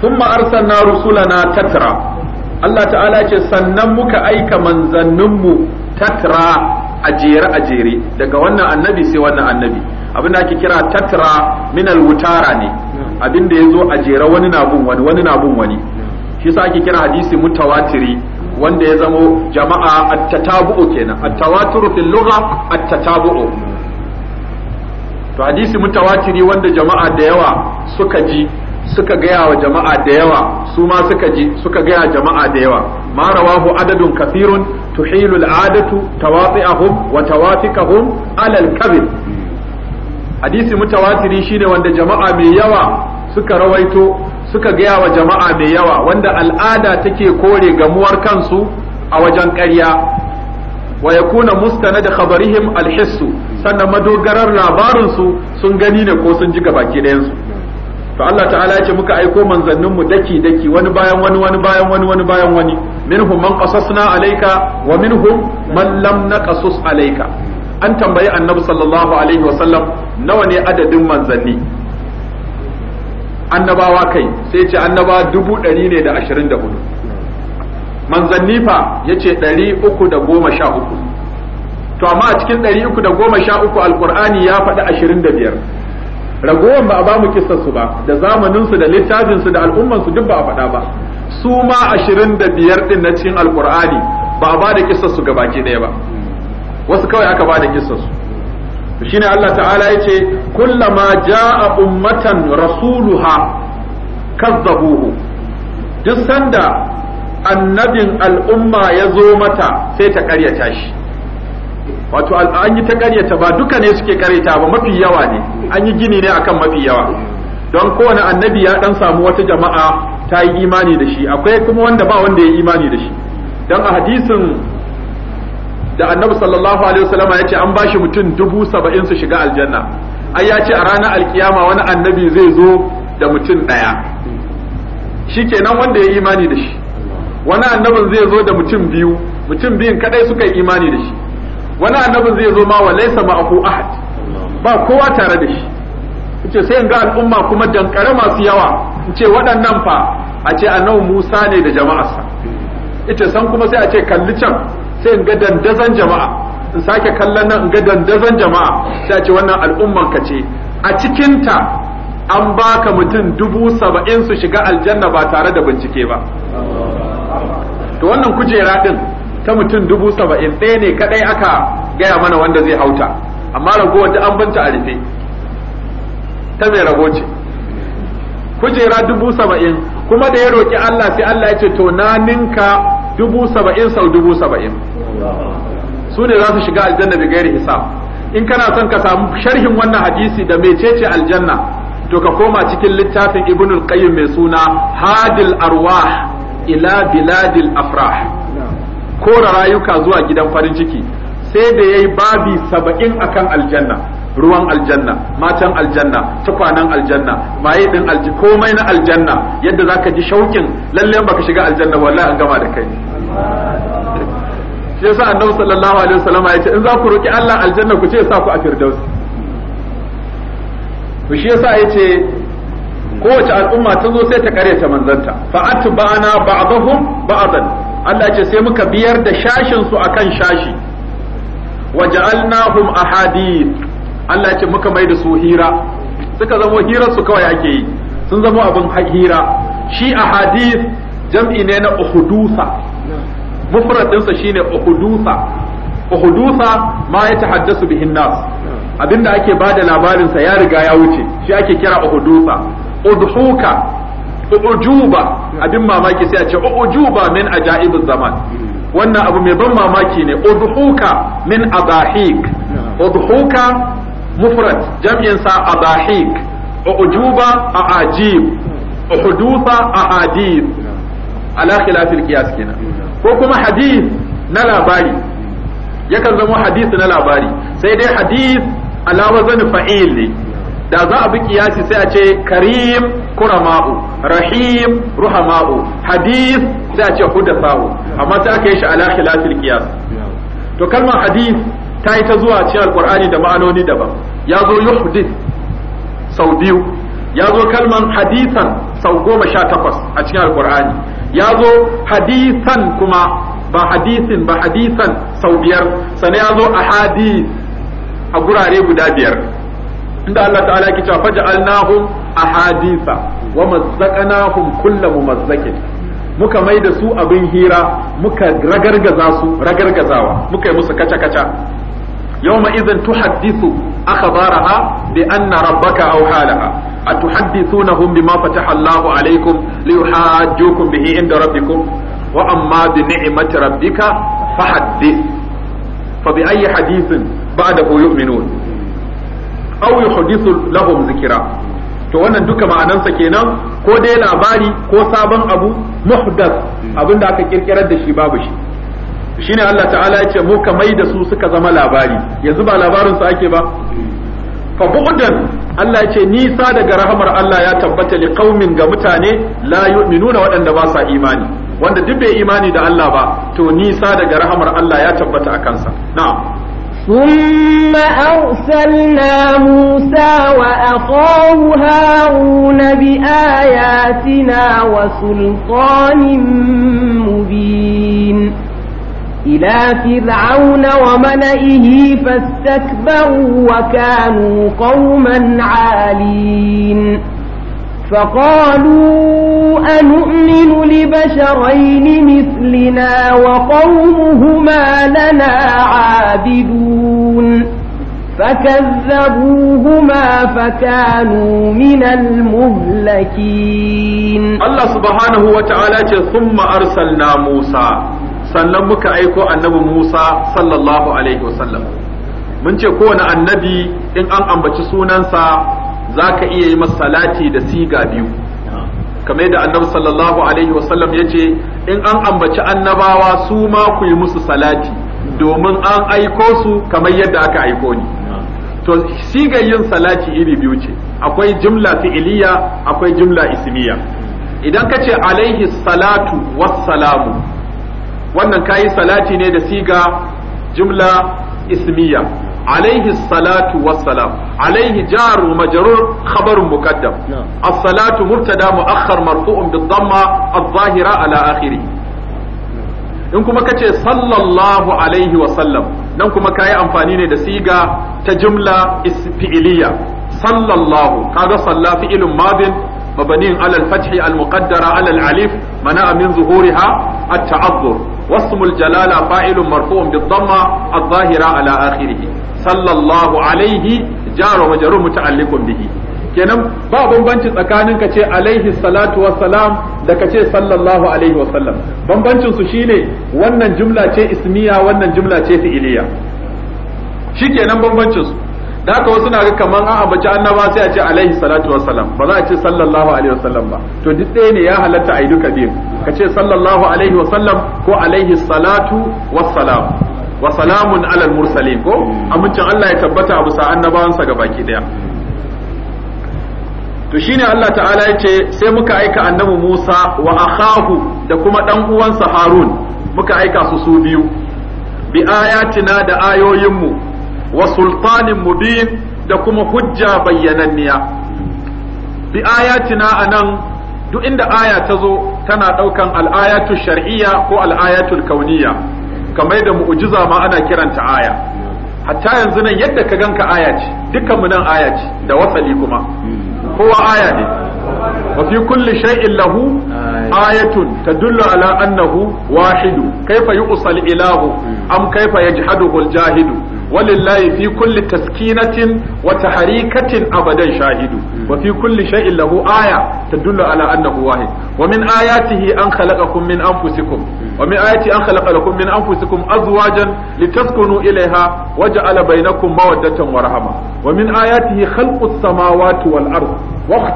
thumma arsalna rusulana tatra Allah ta'ala ce sannan muka aika manzanninmu tatra a jere a jere daga wannan annabi sai wannan annabi abin ake kira tatra minal wutara ne abinda da ya zo a jere wani na bin wani wani na wani shi sa ake kira hadisi mutawatiri wanda ya zamo jama'a at-tatabu'u kenan at-tawaturu fil lugha at-tatabu'u to hadisi mutawatiri wanda jama'a da yawa suka ji suka gaya wa jama'a da yawa su ma suka ji suka gaya jama'a da yawa ma rawahu adadun kathirun tuhilu al'adatu tawati'ahum wa tawafiqahum ala al-kadhib hadisi mutawatiri shine wanda jama'a mai yawa suka rawaito suka gaya wa jama'a mai yawa wanda al'ada take kore gamuwar kansu a wajen ƙarya wa yakuna da khabarihim alhissu sannan madogarar labarin sun gani ne ko sun ji gabaki ɗayan su to Allah ta'ala ya ce muka aiko manzannin mu daki daki wani bayan wani wani bayan wani wani bayan wani minhum man qasasna alayka wa minhum man lam naqasus alayka an tambayi annabi sallallahu alaihi wasallam nawa ne adadin manzanni annabawa kai sai ce annaba dubu ɗari ne da ashirin da hudu manzanni fa ya ce ɗari uku da goma sha uku to amma a cikin ɗari uku da goma sha uku alƙur'ani ya faɗi ashirin da biyar ragowar ba a bamu mu su ba da zamaninsu da littafinsu da al'ummansu duk ba a faɗa ba su ma ashirin da biyar ɗin na cikin alƙur'ani ba a ba da su ga baki ɗaya ba wasu kawai aka bada da su to shine Allah ta'ala ya yace kullama jaa ummatan rasuluha kazzabuhu duk sanda annabin al'umma ya zo mata sai ta karyata shi wato an yi ta karyata ba duka ne suke karyata ba mafi yawa ne an yi gini ne akan mafi yawa don kowane annabi ya dan samu wata jama'a ta yi imani da shi akwai kuma wanda ba wanda ya yi imani da shi don a hadisin da annabi sallallahu alaihi wasallam ya ce an bashi mutum dubu saba'in su shiga aljanna ai ya ce a ranar alkiyama wani annabi zai zo da mutum ɗaya shikenan wanda ya imani da shi wani annabin zai zo da mutum biyu mutum biyun kadai suka yi imani da shi wani annabin zai zo ma wa laisa ma'ahu ahad ba kowa tare da shi ce sai in ga al'umma kuma dankare masu yawa in ce waɗannan fa a ce annabi Musa ne da jama'arsa ita san kuma sai a ce kalli can sai in ga dandazon jama'a in sake kallon nan in ga dandazon jama'a sai ce wannan al'umman ka ce a cikinta an baka mutum dubu saba'in su shiga aljanna ba tare da bincike ba to wannan kujera din ta mutum dubu saba'in ɗaya ne kaɗai aka gaya mana wanda zai hauta amma ragowar da an banta a rufe ta mai rago ce kujera dubu saba'in kuma da ya roƙi Allah sai Allah ya ce to na ninka dubu saba'in sau dubu saba'in su ne za su shiga aljanna bi gairi hisab in kana son ka samu sharhin wannan hadisi da mai mecece aljanna to ka koma cikin littafin ibnul qayyim mai suna hadil arwah ila biladil afrah kora rayuka zuwa gidan farin ciki sai da yayi babi saba'in akan aljanna ruwan aljanna matan aljanna tukwanan aljanna maye din alji komai na aljanna yadda zaka ji shaukin lalle baka shiga aljanna wallahi an gama da kai shi yasa annabi sallallahu alaihi wasallam ya ce in za ku roki Allah aljanna ku ce ya sa ku a firdaus to shi yasa ya ce kowace al'umma ta zo sai ta kare ta manzanta fa atba'ana ba'dahum ba'dan Allah ce sai muka biyar da shashin su akan shashi waja'alnahum ahadith Allah ce muka mai da su hira suka zamo hirar su kawai ake yi sun zamo abin hira shi ahadith jam'i ne na uhudusa mufrad ɗinsa shine uhudutha uhudutha ma ya tahaddasu bihin nas abinda ake bada labarin sa ya riga ya wuce shi ake kira uhudutha udhuka ujuba abin mamaki sai a ce ujuba min ajaibiz zaman wannan abu mai ban mamaki ne udhuka min abahik udhuka mufrad jam'in sa abahik ujuba aajib uhudutha ahadith ala khilafil qiyas kenan ko kuma hadith na labari yakan zama hadith na labari sai dai hadith alawa wazan fa'il ne da za a bi kiyasi sai a ce karim kurama'u rahim ruhama'u hadith sai a ce hudatha'u amma sai aka yi shi ala khilafil to kalmar hadith ta yi ta zuwa cikin alqur'ani da ma'anoni daban ya zo yuhdith sau biyu ya zo kalman hadisan sau goma sha takwas a cikin alkur'ani ya zo hadisan kuma ba hadisin ba hadisan sau biyar sannan ya zo a hadis a gurare guda biyar inda Allah ta'ala ke cewa a ahadisa wa mazzaqnahum kullu mumazzaqin muka mai da su abin hira muka ragargaza su ragargazawa muka yi musu kaca-kaca yawma idan tuhaddisu akhbaraha bi anna rabbaka aw atuhaddithunahum bima fataha Allahu alaikum liyuhajjukum bihi inda rabbikum wa amma bi ni'mati rabbika fahaddith fa bi ayyi hadithin ba'dahu yu'minun aw yuhdithu lahum zikra to wannan duka ma'anansa kenan ko dai labari ko sabon abu muhdath abinda aka ƙirƙirar da shi babu shi shine Allah ta'ala ya ce mu ka mai da su suka zama labari yanzu ba labarin su ake ba fa bu'dan Allah ya ce nisa daga rahamar Allah ya tabbata li qaumin ga mutane la yu'minuna waɗanda ba sa imani wanda duk bai imani da Allah ba to nisa daga rahamar Allah ya tabbata a kansa na'am ثم أرسلنا موسى وأخاه هارون بآياتنا وسلطان مبين إلى فرعون وملئه فاستكبروا وكانوا قوما عالين فقالوا أنؤمن لبشرين مثلنا وقومهما لنا عابدون فكذبوهما فكانوا من المهلكين الله سبحانه وتعالى ثم أرسلنا موسى sannan muka aiko annabi Musa sallallahu alaihi wasallam mun ce kowane annabi in an ambaci sunansa za ka iya yi masa salati da siga biyu kamar da annabi sallallahu alaihi wasallam ya ce in an ambaci annabawa su ma ku yi musu salati domin an aiko su kamar yadda aka aiko ni to sigar yin salati iri biyu ce akwai jimla fi'iliya akwai jimla ismiya idan ka ce alaihi salatu wassalamu wannan kayi salati ne da siga jumla ismiya alaihi salatu wassalam alaihi jaru majarur khabarun muqaddam as-salatu mubtada muakhkhar marfu'un bid-dhamma adh-dhahira ala akhiri in kuma kace sallallahu alaihi wa sallam nan kuma kayi amfani ne da siga ta jumla fi'iliya sallallahu kaga salla fi'ilun madin مبني على الفتح المقدرة على العليف منع من ظهورها التعذر واسم الجلالة فاعل مرفوع بالضمة الظاهرة على آخره صلى الله عليه جار وجر متعلق به kenan ba bambanci tsakanin ka ce alaihi salatu wassalam da ka ce sallallahu alaihi wasallam bambancin su shine wannan jumla ce ismiya wannan jumla ce fi'iliya shikenan bambancin su da haka wasu na ga kaman an abaci annaba sai a ce alaihi salatu wassalam ba za a ce sallallahu alaihi wasallam ba to duk ɗaya ne ya halatta a yi duka biyun ka ce sallallahu alaihi wasallam ko alaihi salatu wassalam wa salamun alal mursalin ko amincin Allah ya tabbata bisa annabawansa ga baki daya to shine Allah ta'ala ya ce sai muka aika annabi Musa wa akhahu da kuma dan uwansa Harun muka aika su su biyu bi ayatina da ayoyinmu wa sultanin mubin da kuma hujja bayyananniya bi ayatina anan duk inda aya ta zo tana ɗaukan al'ayatu shar'iyya ko al'ayatul kauniyya kamar da mu'ujiza ma ana kiranta aya hatta yanzu nan yadda ka ganka aya ce dukkan mu nan aya ce da wasali kuma kowa aya ne wa fi kulli shay'in lahu ayatun tadullu ala annahu wahidu kaifa yu'sal ilahu am kaifa yajhaduhu al-jahidu walillahi fi tin wata wa tahrikatin abadan shahidu wa fi kulli shay'in lahu aya tadullu ala annahu wahid wa min ayatihi an khalaqakum min anfusikum wa min ayati an khalaqa lakum min anfusikum azwajan litaskunu ilayha wa ja'ala bainakum mawaddatan wa rahma wa min ayatihi khalqus samawati wal ard wa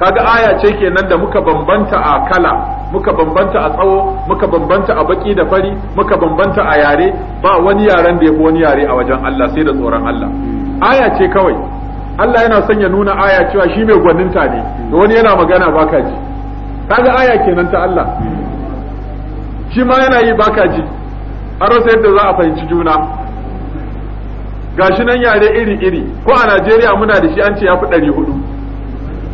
kaga aya ce kenan da muka bambanta a kala muka bambanta a tsawo muka bambanta a baki da fari muka bambanta a yare ba wani yaren da yafi wani yare a wajen Allah sai da tsoron Allah aya ce kawai Allah yana son ya nuna aya cewa shi mai gwaninta ne da wani yana magana baka ji kaga aya kenan ta Allah shi ma yana yi baka ji an rasa yadda za a fahimci juna gashi nan yare iri iri ko a Najeriya muna da shi an ce ya fi ɗari hudu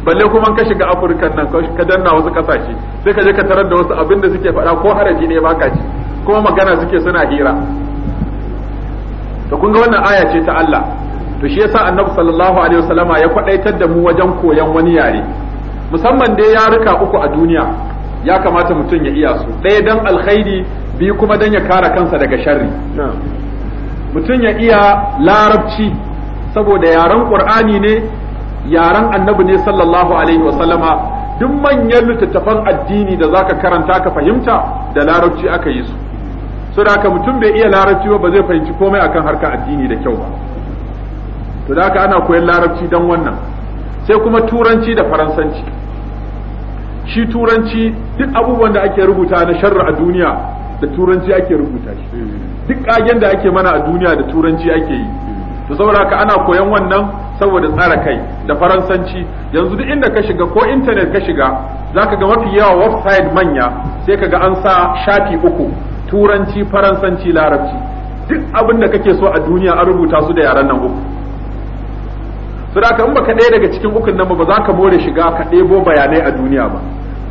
balle kuma ka shiga afirka nan ka danna wasu kasashe sai ka je ka tarar da wasu abin da suke faɗa ko haraji ne baka ci kuma magana suke suna hira to kun ga wannan aya ce ta Allah to shi yasa annabi sallallahu alaihi wasallama ya kwadaitar da mu wajen koyan wani yare musamman dai yaruka uku a duniya ya kamata mutum ya iya su ɗaya dan alkhairi biyu kuma dan ya kare kansa daga sharri mutum ya iya larabci saboda yaren qur'ani ne yaran annabi ne sallallahu alaihi wa sallama duk manyan littattafan addini da zaka karanta ka fahimta da larabci aka yi su so da haka mutum bai iya larabci ba ba zai fahimci komai akan harkar addini da kyau ba to da haka ana koyon larabci dan wannan sai kuma turanci da faransanci shi turanci duk abubuwan da ake rubuta na sharri a duniya da turanci ake rubuta shi duk kagen da ake mana a duniya da turanci ake yi to saboda haka ana koyan wannan saboda tsara kai da faransanci yanzu duk inda ka shiga ko internet ka shiga zaka ga mafi yawa website manya sai ka ga an sa shafi uku turanci faransanci larabci duk abin da kake so a duniya an rubuta su da yaran nan uku saboda in baka ɗaya daga cikin ukun nan ba za ka more shiga ka ɗebo bayanai a duniya ba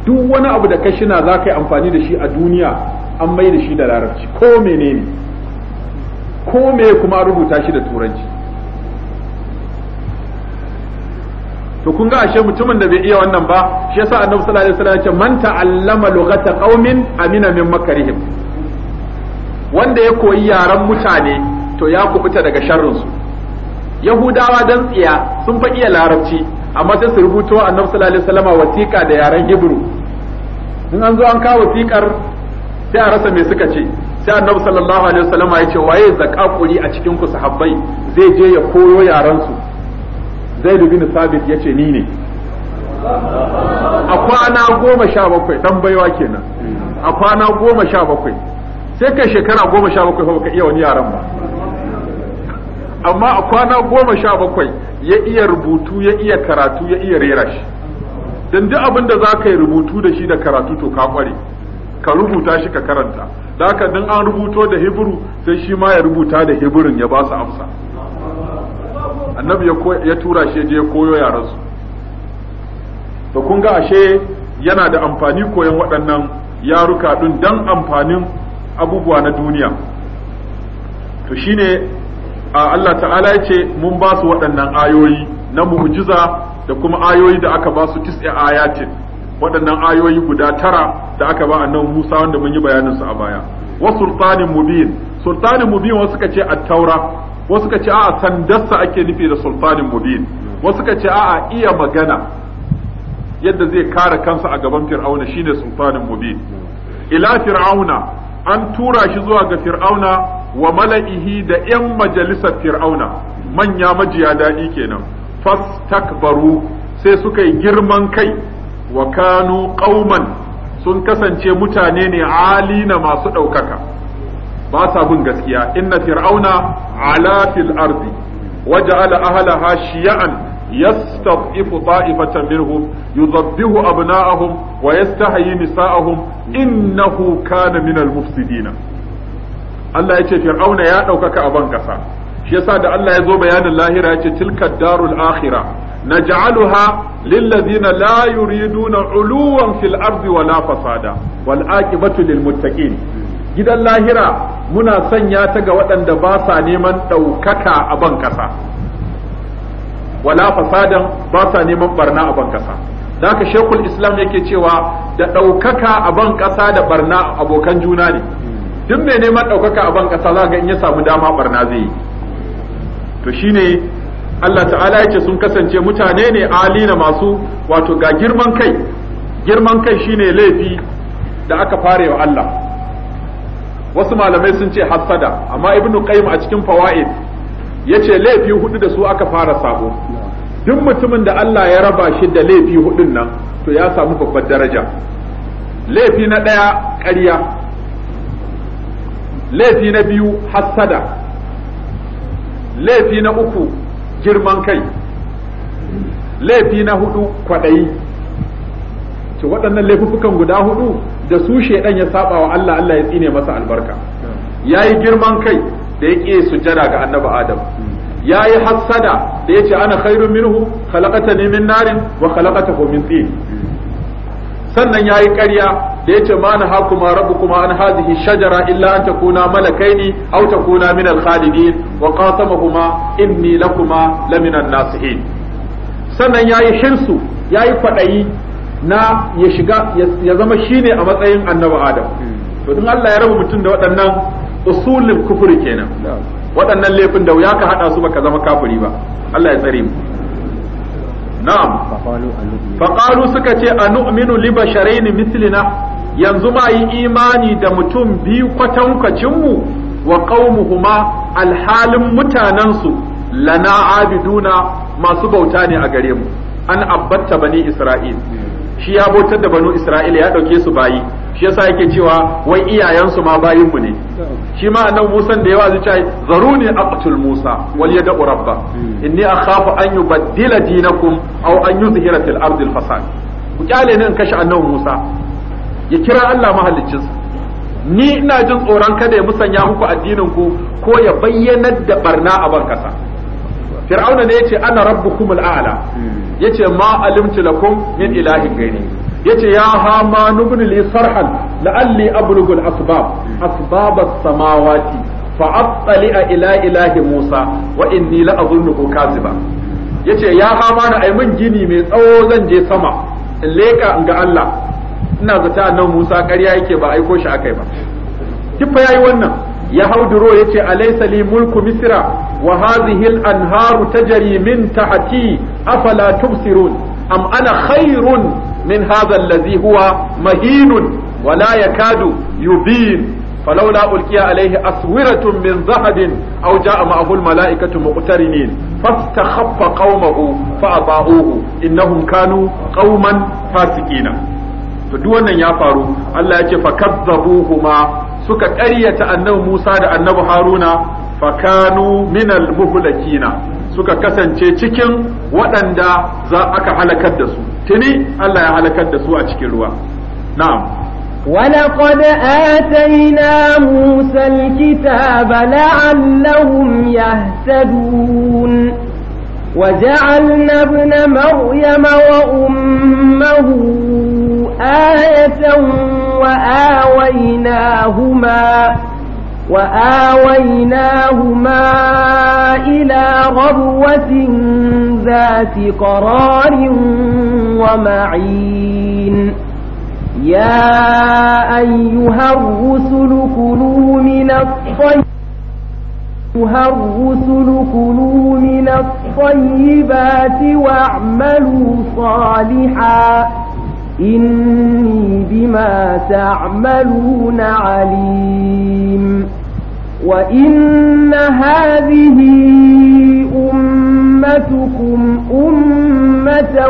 duk wani abu da ka shina za ka yi amfani da shi a duniya an mai da shi da larabci ko menene ko me kuma rubuta shi da turanci to kun ga ashe mutumin da bai iya wannan ba shi yasa annabi sallallahu alaihi wasallam ya ce man ta'allama lughata qaumin amina min makarihim wanda ya koyi yaran mutane to ya kubuta daga sharrinsu yahudawa dan tsiya sun fa iya larabci amma sai su rubuto annabi sallallahu alaihi wasallam wasiƙa da yaran hibru in an zo an kawo wasiƙar sai a rasa me suka ce sai annabi sallallahu alaihi wasallam ya ce waye zakakuri a cikin ku sahabbai zai je ya koyo yaran su Zaid bin Sabit yace ni ne a kwana goma sha bakwai dan baiwa kenan a kwana goma sha bakwai sai kai shekara goma sha bakwai baka iya wani yaran ba amma a kwana goma sha bakwai ya iya rubutu ya iya karatu ya iya rera shi dan duk abin da za ka yi rubutu da shi da karatu to ka kware ka rubuta shi ka karanta da haka dan an rubuto da hebru sai shi ma ya rubuta da hibrun ya ba su amsa annabi ya tura shi je koyo yaran su to kun ga ashe yana da amfani koyon waɗannan yaruka ɗin dan amfanin abubuwa na duniya to shine Allah ta'ala ya ce mun ba su waɗannan ayoyi na mu'jiza da kuma ayoyi da aka ba su tis'a ayatin waɗannan ayoyi guda tara da aka ba annabi Musa wanda mun yi bayanin su a baya wa sultanin mubin sultanin mubin wasu ka ce at-taura wasu ka ce a'a sandarsa ake nufi da sultanin mubin wasu ka ce a'a iya magana yadda zai kare kansa a gaban fir'auna shine sultanin mubin ila fir'auna an tura shi zuwa ga fir'auna wa mala'ihi da 'yan majalisar fir'auna manya majiya daɗi kenan fastakbaru sai suka yi girman kai wa kanu sun kasance mutane ne alina masu ɗaukaka ba sa bin gaskiya inna fir'auna ala fil ardi waja'ala ahlaha shiya'an يستضعف طائفة منهم يذبه أبناءهم ويستحيي نساءهم إنه كان من المفسدين Allah ya Fir'auna ya ɗaukaka a ban ƙasa shi yasa da Allah ya zo bayanin lahira ya ce tilka darul akhira naj'aluha lillazina la yuriduna uluwan fil ardi wala fasada wal aqibatu gidan lahira muna sanya ta ga waɗanda ba sa neman ɗaukaka a ban ƙasa wala fasadan ba sa neman barna a ban ƙasa da haka shekul islam yake cewa da ɗaukaka a ban ƙasa da barna abokan juna ne duk mai neman ɗaukaka a ban ƙasa za ga in ya samu dama barna zai yi to shine Allah ta'ala yake sun kasance mutane ne alina masu wato ga girman kai girman kai shine laifi da aka fare wa Allah wasu malamai sun ce hassada amma ibnu qayyim a cikin fawaid yace laifi hudu da su aka fara sabo duk mutumin da Allah ya raba shi da laifi hudun nan to ya samu babbar daraja laifi na daya ƙarya laifi na biyu hassada laifi na uku girman kai laifi na hudu kwaɗayi to waɗannan laifukan guda hudu da su shaidan ya saba wa Allah Allah ya tsine masa albarka yayi girman kai da yake sujjada ga annabi Adam yayi hassada da ya ce ana khairun minhu khalaqatani min narin wa khalaqatahu min tin sannan yayi ƙarya da yace ma na hakuma rabbukuma an hazihi shajara illa an ne au ta kuna min al-khalidin wa qatamahuma inni lakuma lamina nasihin sannan yayi ya yayi fadayi na ya shiga ya zama shine a matsayin annabi adam to din Allah ya raba mutum da waɗannan usulul kufri kenan waɗannan laifin da wuya ka hada su baka zama kafiri ba Allah ya tsare mu na'am faqalu suka ce anu'minu li basharaini mislina yanzu ma yi imani da mutum biyu kwatankwacin mu wa qaumuhuma alhalin mutanensu lana abiduna masu bauta ne a gare mu an abbatta bani isra'il hmm. shi ya bautar da banu isra'ila ya dauke su bayi shi yasa yake cewa wai iyayensu ma bayin mu ne shi ma annabi Musa da yawa zai ce zaruni aqtul Musa wal yad'u rabba inni akhafu an yubaddila dinakum aw an yuzhira fil ardi al fasad ku kyale ne in kashe annabi Musa ya kira Allah mahaliccinsa ni ina jin tsoron kada ya musanya muku addinin ku ko ya bayyanar da barna a ban fir'auna ne yace ana rabbukumul a'la yace ma alimtu lakum min ilahin ghairi yace ya hama nubni li sarhan la'alli ablughu al-asbab asbab as-samawati fa attali'a ila ilahi Musa wa inni la azunnuhu kaziba yace ya hama na yi min gini mai tsawo zan je sama in leka in ga Allah ina zata nan Musa ƙarya yake ba aiko shi akai ba kifa yayi wannan ya hauduro yace alaysa li mulku misra wa hadhihi al-anharu tajri min tahti afala tubsirun am ana khairun min hadha allazi huwa mahinun wa la yakadu yubin فلولا ألقي عليه أسورة من ذهب أو جاء معه الملائكة مقترنين فاستخف قومه فأطاعوه إنهم كانوا قوما فاسقين to duk wannan ya faru Allah ya ce fakazzabuhuma suka ƙaryata annabi Musa da annabi Haruna fakanu muhlakina suka kasance cikin waɗanda za aka halakar da su tuni Allah ya halakar da su a cikin ruwa na'am ولقد آتينا موسى الكتاب لعلهم يهتدون وجعلنا ابن مريم وأمه آية وآويناهما وآويناهما إلى غبوة ذات قرار ومعين يا أيها الرسل كلوا من الطيب أيها الرسل كلوا من الطيبات واعملوا صالحاً إني بما تعملون عليم وإن هذه أمتكم أمة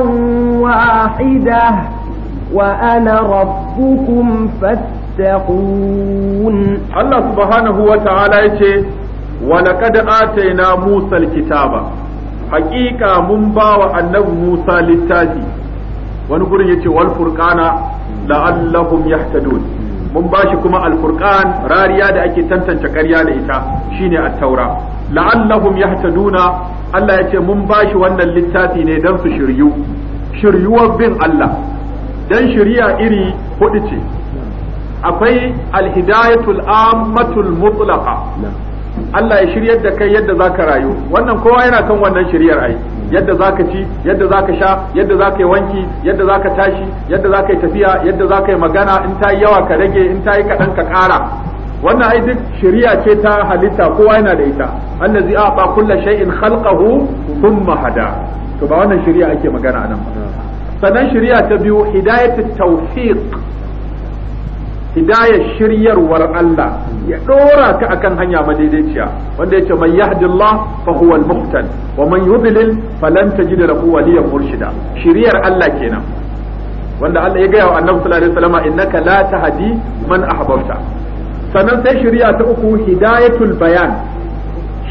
واحدة وأنا ربكم فاتقون الله سبحانه وتعالى يقول ولقد آتينا موسى الكتاب حقيقة من باوى النبي موسى للتاتي wani gurin yace wal furqana la'allahum yahtadun mun bashi kuma al furqan rariya da ake tantance ƙarya da ita shine at-taura la'allahum yahtaduna Allah yace mun bashi wannan littafi ne dan su shiryu shiryuwar bin Allah dan shiriya iri hudu ce akwai al-hidayatul ammatul mutlaqa Allah ya shiryar da kai yadda zaka rayu wannan kowa yana kan wannan shiryar ai yadda za ka ci yadda zaka sha yadda zaka yi wanki yadda zaka tashi yadda zaka yi tafiya yadda ka yi magana in ta yi yawa ka rage in ta yi kaɗan ka ƙara wannan ai duk shari'a ce ta halitta kowa yana da ita allazi a'ta kulla shay'in khalqahu thumma hada to ba wannan shari'a ake magana anan ba sannan shari'a ta biyu hidayatut tawfiq hidayar shiryarwar Allah ya ɗora ka akan hanya madaidaiciya wanda yace man yahdillah fa huwa al-muhtad wa man yudlil falan tajid lahu waliyan murshida shiryar Allah kenan wanda Allah ya gaya wa Annabi sallallahu alaihi wasallam innaka la tahdi man ahbabta sannan sai shiriya ta uku hidayatul bayan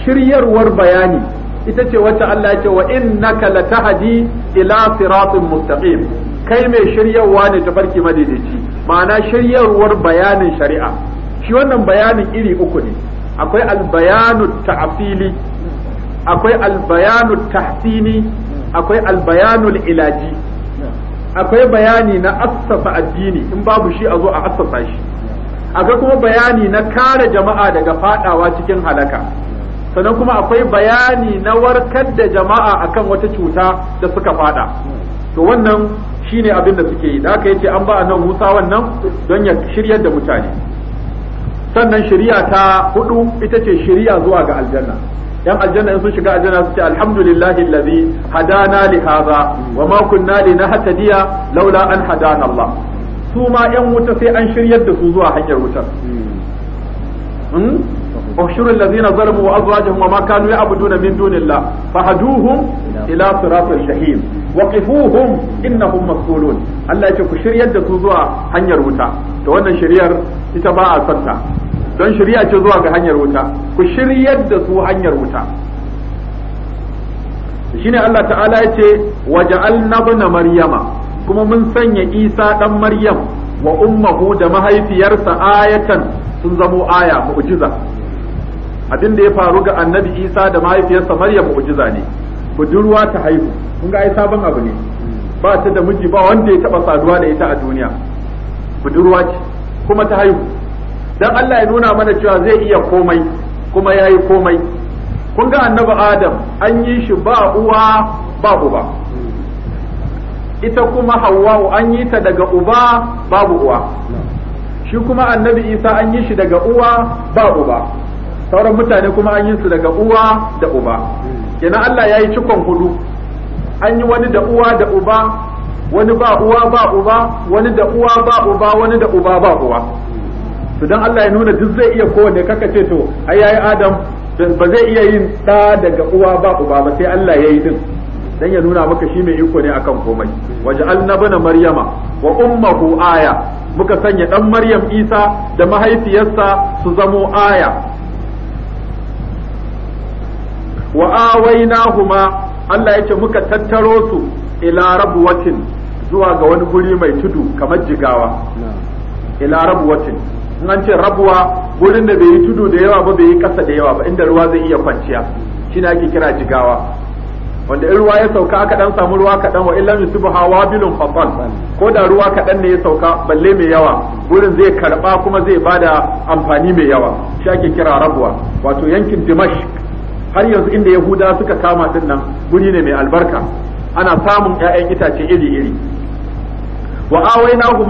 shiryarwar bayani ita ce wacce Allah ya ce wa innaka la tahdi ila siratin mustaqim kai mai shiryarwa ne tafarki madaidaici ma'ana shiryarwar bayanin shari'a shi wannan bayanin iri uku ne akwai albayanu ta'fili akwai albayanu tahsini akwai albayanu ilaji akwai bayani na assasa addini in babu shi a zo a assasa shi akwai kuma bayani na kare jama'a daga fadawa cikin halaka sannan kuma akwai bayani na warkar da jama'a akan wata cuta da suka fada to wannan ne abin da suke yi da aka yace an ba nan Musa wannan don ya shiryar da mutane sannan shari'a ta hudu ita ce shari'a zuwa ga aljanna yan aljanna in sun shiga aljanna su ce alhamdulillahi allazi hadana li hadha wa ma kunna linahtadiya laula an hadana Allah su ma yan wuta sai an shiryar da su zuwa hanyar wutar hmm? احشروا الذين ظلموا وازواجهم وما كانوا يعبدون من دون الله فهدوهم الى صراط الجحيم وقفوهم انهم مسؤولون الله ya ce ku shiryar da su zuwa hanyar wuta wannan shiryar ita ba a santa don shirya ce zuwa ga hanyar wuta ku shiryar da su hanyar wuta shine Allah ta'ala ya ce waja'alna ibna maryama kuma mun sanya Isa dan Maryam wa ummuhu da mahaifiyarsa ayatan sun zamo aya mu'jiza abin da ya faru ga annabi isa da mahaifiyarsa maryam mu'jiza ne budurwa ta haihu kun ga ai sabon abu ne ba ta da miji ba wanda ya taba saduwa da ita a duniya budurwa ce kuma ta haihu dan Allah ya nuna mana cewa zai iya komai kuma yayi komai kun ga annabi adam an yi shi ba uwa ba uba ita kuma hawwa'u an yi ta daga uba babu uwa shi kuma annabi isa an yi shi daga uwa ba uba sauran mutane kuma an yi su daga uwa da uba kenan Allah ya yi cikon hudu an yi wani da uwa da uba wani ba uwa ba uba wani da uwa ba uba wani da uba ba uwa to dan Allah ya nuna duk zai iya kowanne kaka ce to ai yayi Adam ba zai iya yin da daga uwa ba uba ba sai Allah ya yi din dan ya nuna maka shi mai iko ne akan komai waj'alna bana maryama wa ummuhu aya muka sanya dan maryam isa da mahaifiyarsa su zamo aya wa huma Allah yake muka tattaro su ila rabuwatin zuwa ga wani guri mai tudu kamar jigawa ila rabuwatin in an ce rabuwa gurin da bai yi tudu da yawa ba bai yi kasa da yawa ba inda ruwa zai iya kwanciya shine ake kira jigawa wanda in ruwa ya sauka aka dan samu ruwa kaɗan wa illam yusbaha wabilun fatan ko da ruwa kaɗan ne ya sauka balle mai yawa gurin zai karba kuma zai bada amfani mai yawa shi ake kira rabuwa wato yankin dimashq har yanzu inda yahuda suka kama din nan guri ne mai albarka ana samun 'ya'yan itace iri iri wa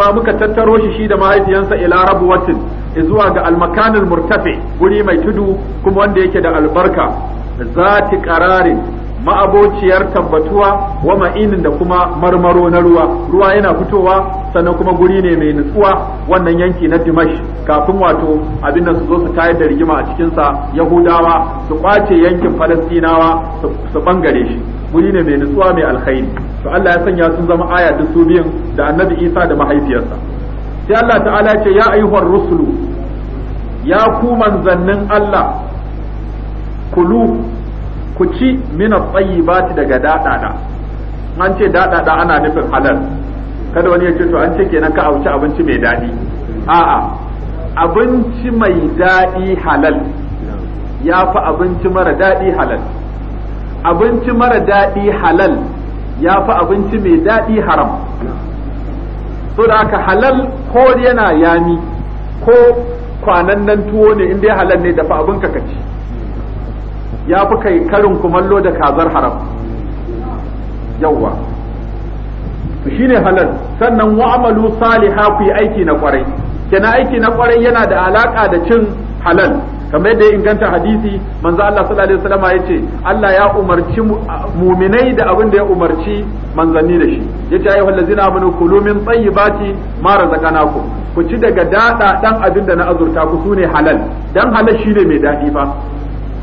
ma muka tattaro shi shi da mahaifiyansa ila rabuwatin zuwa ga almakanin murtafe guri mai tudu kuma wanda yake da albarka zati qararin ma'abociyar tabbatuwa wa ma'inin da kuma marmaro na ruwa ruwa yana fitowa sannan kuma guri ne mai nutsuwa wannan yanki na dimash kafin wato abin da su zo su tayar da rigima a cikinsa yahudawa su kwace yankin falastinawa su bangare shi guri ne mai nutsuwa mai alkhairi to Allah ya sanya sun zama aya da su biyun da annabi Isa da mahaifiyarsa sai Allah ta'ala ce ya ayyuhar rusulu ya ku manzannin Allah kulu ku ci mina tsayibati daga daɗaɗa an ce daɗaɗa ana nufin halal kada wani ya ce to an ce kenan ka auci abinci mai daɗi a'a abinci mai daɗi halal ya fi abinci mara daɗi halal abinci mara daɗi halal ya fi abinci mai daɗi haram so da aka halal ko yana yami ko kwanan nan tuwo ne inda ya halal ne dafa abin ka ci ya fi kai karin kumallo da kazar haram yawwa to shine halal sannan wa'amalu saliha ku yi aiki na kwarai kenan aiki na kwarai yana da alaka da cin halal kamar yadda ya inganta hadisi manzo Allah sallallahu alaihi wasallam yace Allah ya umarci mu'minai da abin da ya umarci manzanni da shi yace ayu allazina amanu kulu min tayyibati ma razaqnakum ku ci daga dada dan abin da na azurta ku sune halal dan halal shine mai dadi ba.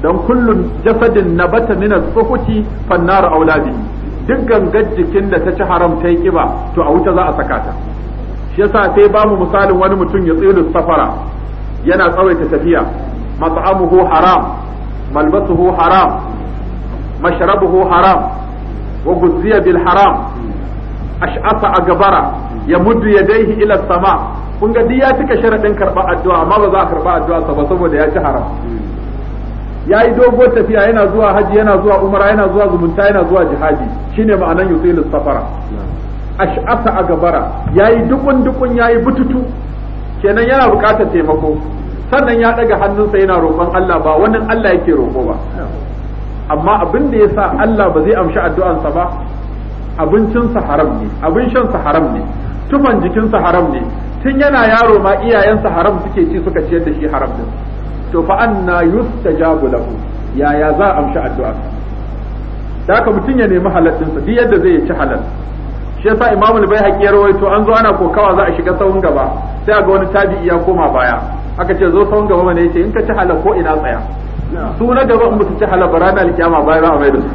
dan kullum jasadin na bata as-suhuti fannar auladi duk gangar jikin da ta ci haram ta yi kiba to a wuta za a saka ta shi yasa sai ba mu misalin wani mutum ya tsilu safara yana tsawaita tafiya mat'amuhu haram malbasuhu haram mashrabuhu haram wa guziya bil haram ash'asa gabara, ya muddu yadayhi ila sama kun ga ya cika sharadin karba addu'a amma ba za a karba addu'a ba saboda ya ci haram ya yi doguwar tafiya yana zuwa haji yana zuwa umara yana zuwa zumunta yana zuwa jihadi shine ma'anan yusilu safara ash'asa a gabara yayi dukun dukun yi bututu kenan yana bukatar taimako sannan ya daga hannunsa yana roƙon Allah ba wannan Allah yake roƙo ba amma abin da ya sa Allah ba zai amshi addu'ansa ba abincinsa haram ne abin shansa haram ne tufan jikinsa haram ne tun yana yaro ma iyayensa haram suke ci suka ciyar da shi haram din to fa anna yustajabu lahu yaya za amshi addu'a da haka mutum ya nemi sa duk yadda zai ci halal shi yasa imamu bai baihaqi ya rawaito an zo ana kokawa za a shiga sahun gaba sai a ga wani tabi'i ya koma baya aka ce zo tsawon gaba mana yace in ka ci halal ko ina tsaya su na gaba in mutu ci halal ba ranar alkiyama baya ba a mai da su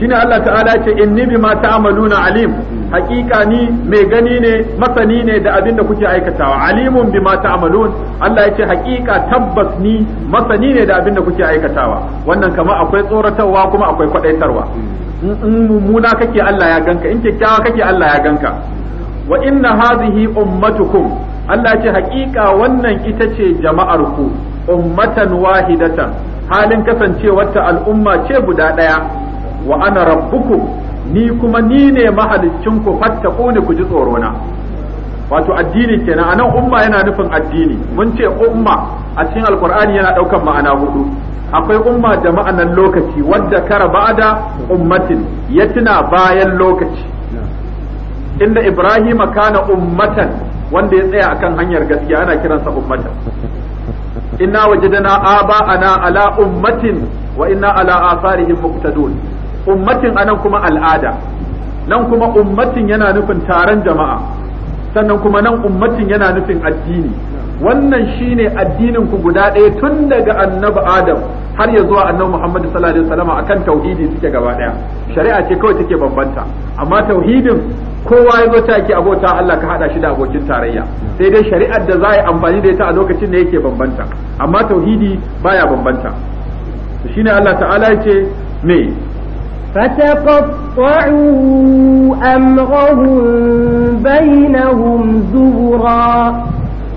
shine Allah ta'ala ce inni bima ta'maluna alim hakika ni mai gani ne masani ne da abin da kuke aikatawa alimun bima ta'malun Allah ya ce hakika tabbas ni masani ne da abin da kuke aikatawa wannan kamar akwai tsoratarwa kuma akwai kwadaitarwa in mummuna kake Allah ya ganka in kyakkyawa kake Allah ya ganka wa inna hadhihi ummatukum Allah ya ce hakika wannan ita ce jama'ar ku ummatan wahidatan halin kasancewarta al'umma ce guda ɗaya wa ana rabbuku ni kuma ni ne mahaliccin ku fattaquni ku ji tsoro na wato addini kenan anan umma yana nufin addini mun ce umma a cikin alqur'ani yana daukan ma'ana hudu akwai umma da ma'anan lokaci wadda kara ba'da ummatin ya tuna bayan lokaci inda ibrahima kana ummatan wanda ya tsaya akan hanyar gaskiya ana kiransa ummatan inna wajadana aba'ana ala ummatin wa inna ala asarihim muqtadun ummatin anan kuma al'ada nan kuma ummatin yana nufin taron jama'a sannan kuma nan ummatin yana nufin addini wannan shine addinin ku guda ɗaya tun daga annabi adam har ya zuwa annabi muhammad sallallahu alaihi wasallam akan tauhidi suke gaba ɗaya shari'a ce kawai take bambanta amma tauhidin kowa ya zo take abota Allah ka hada shi da abokin tarayya sai dai shari'ar da za a yi amfani da ita a lokacin da yake bambanta amma tauhidi baya bambanta shine Allah ta'ala ya ce me فتقطعوا أمرهم بينهم زبرا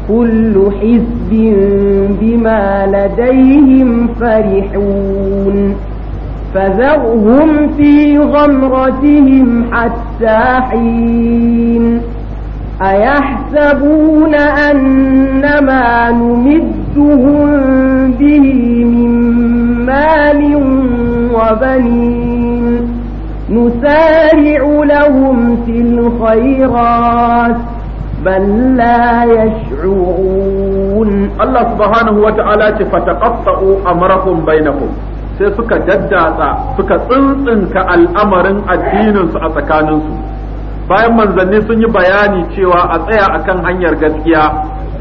كل حزب بما لديهم فرحون فذرهم في غمرتهم حتى حين أيحسبون أنما نمدهم به من مال وبنين نسارع لهم في الخيرات بل لا يشعرون الله سبحانه وتعالى فتقطعوا أمرهم بينهم sai suka daddatsa suka tsintsinka al'amarin addininsu a tsakaninsu bayan manzanni sun yi bayani cewa a tsaya akan hanyar gaskiya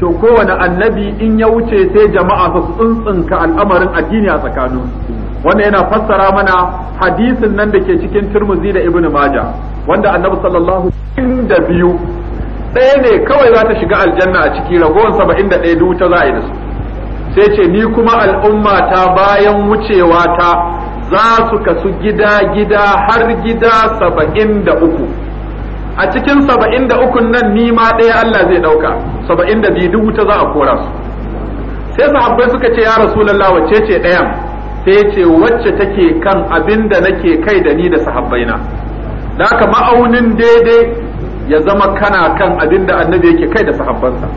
to kowane annabi in ya wuce sai jama'a su tsintsinka al'amarin addini a tsakaninsu wannan yana fassara mana hadisin nan da ke cikin Turmuzi da Ibn Maja wanda Annabi sallallahu da biyu ɗaya ne kawai za ta shiga aljanna a ciki ragowar saba'in da ɗaya duta za a yi da su sai ce ni kuma al'umma ta bayan wucewa ta za su kasu gida gida har gida saba'in da uku a cikin saba'in da uku nan ni ma ɗaya Allah zai ɗauka saba'in da biyu duta za a kora su sai sahabbai suka ce ya rasulallah wacece ce ɗayan sai ce wacce take kan abin da nake kai da ni da sahabbaina da haka ma'aunin daidai ya zama kana kan abin da annabi yake kai da sahabbansa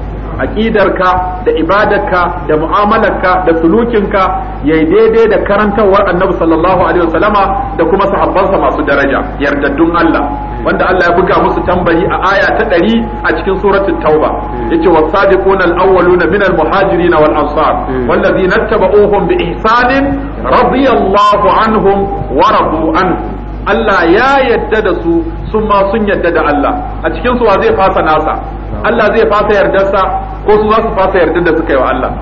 aqidarka da ibadarka da mu'amalarka da sulukinka yayi daidai da karantarwar annabi sallallahu alaihi wasallama da kuma sahabbansa masu daraja yardaddun Allah wanda Allah ya buga musu tambayi a aya ta ɗari a cikin suratul tauba yace was-sabiquna al-awwaluna minal muhajirin wal ansar wallazina ittaba'uhum bi ihsanin radiyallahu anhum wa radu anhu Allah ya yadda da su sun ma sun yadda da Allah a cikin su wa zai fasa nasa Allah zai fasa yardarsa ko su za su fasa yardar da suka yi wa Allah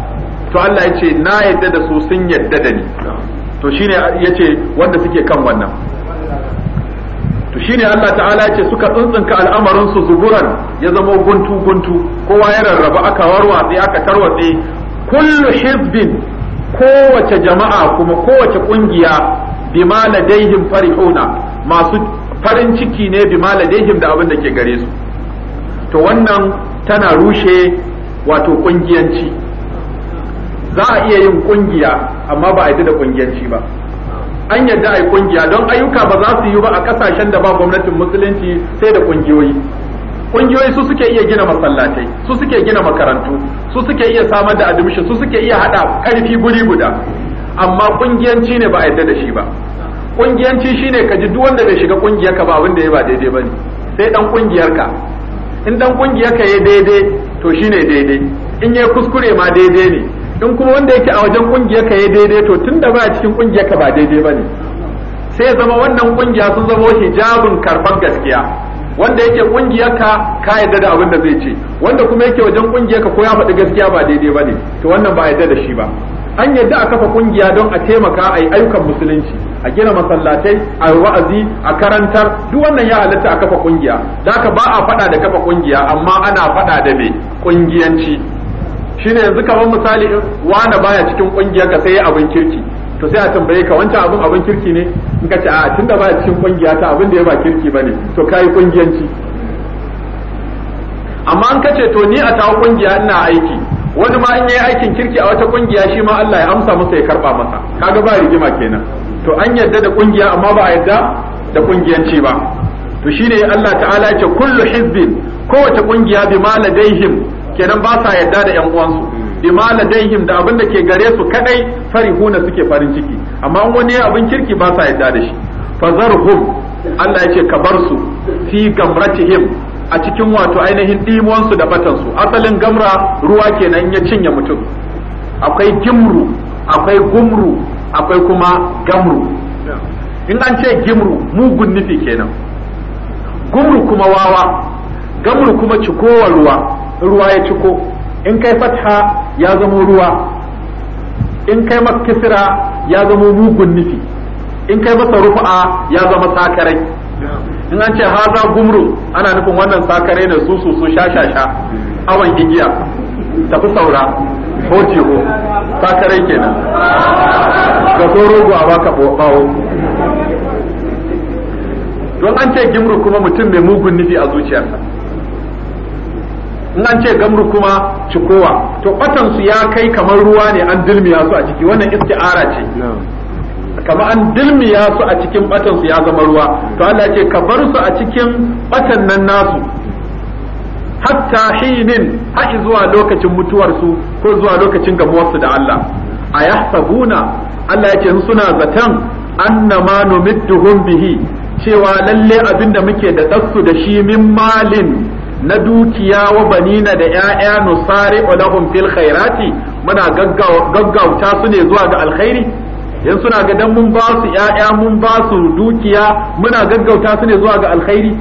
to Allah ya ce na yadda da su sun yadda da ni to shine ce wanda suke kan wannan to shine Allah ta'ala ya ce suka tsuntsunka al'amarin su zuburan ya zama guntu guntu kowa ya rarraba aka warwatse aka tarwatse kullu hizbin kowace jama'a kuma kowace kungiya bima ladaihim farihuna masu farin ciki ne bima ladaihim da abin da ke gare su to wannan tana rushe wato kungiyanci za a iya yin kungiya amma ba a yi da kungiyanci ba an yadda a yi kungiya don ayyuka ba za su yi ba a kasashen da ba gwamnatin musulunci sai da kungiyoyi kungiyoyi su suke iya gina masallatai su suke gina makarantu su suke iya samar da admission su suke iya hada karfi guri guda amma kungiyanci ne ba a yadda da shi ba kungiyanci shine ka ji duk wanda bai shiga kungiyarka ba abin da ya ba daidai bane sai dan kungiyarka in dan kungiyarka ya daidai to shine daidai in ya kuskure ma daidai ne in kuma wanda yake a wajen kungiyarka ya daidai to tun da ba cikin kungiyarka ba daidai bane sai zama wannan kungiya sun zama hijabin karban gaskiya wanda yake kungiyarka ka yadda da abin da zai ce wanda kuma yake wajen kungiyarka ko ya faɗi gaskiya ba daidai bane to wannan ba yadda da shi ba an yadda a kafa kungiya don a taimaka a yi ayyukan musulunci a gina masallatai a wa'azi a karantar duk wannan ya halatta a kafa kungiya da ka ba a faɗa da kafa kungiya amma ana faɗa da me kungiyanci shine yanzu kamar misali wani baya cikin kungiyar ka sai abin kirki to sai a tambaye ka wancan abin abin kirki ne in ka ce a tunda baya cikin kungiya ta abin da ya ba kirki bane to kai kungiyanci amma an kace to ni a tawo kungiya ina aiki wani ma in yayi aikin kirki a wata kungiya shi ma Allah ya amsa masa ya karba masa kaga ba rigima kenan to an yadda da kungiya amma ba a yadda da kungiyanci ba to shine Allah ta'ala ya ce kullu hizbin kowace kungiya bi maladaihim kenan ba sa yadda da yan uwansu bi maladaihim da abin da ke gare su kadai farihuna suke farin ciki amma wani abin kirki ba sa yadda da shi fazarhum Allah ya ce ka bar su fi gamratihim a cikin wato ainihin ɗimuwansu da batansu asalin gamra ruwa kenan ya cinye mutum akwai gimru akwai gumru akwai kuma gamru in an ce gimru mugun nufi kenan gumru kuma wawa gamru kuma cikowa ruwa ruwa ya ciko in kai fatha ya zamo ruwa in kai makisira ya zamo mugun nufi in kai masa rufa'a ya zama sakarai in an ce haza gumru ana nufin wannan sakare ne su su su sha sha sha awan igiya tafi saura ko jeho sakare kenan ga ko rogo a baka bawo don an ce gimru kuma mutum mai mugun nufi a zuciyarsa in an ce gamru kuma cikowa to batansu ya kai kamar ruwa ne an dilmiya su a ciki wannan ara ce kamar an dilmiya su a cikin batan su ya zama ruwa to Allah ce ka bar su a cikin batan nan nasu hatta hinin har zuwa lokacin mutuwar su ko zuwa lokacin gamuwar su da Allah A yahsabuna Allah yake suna zaton annama numidduhum bihi cewa lalle abinda muke da dasu da shi min malin na dukiya wa banina da ‘ya'ya nusari lahum fil khairati muna gaggauta su ne zuwa ga alkhairi yan suna ga dan mun ba su ƴaƴa mun ba su dukiya muna gaggauta su ne zuwa ga alkhairi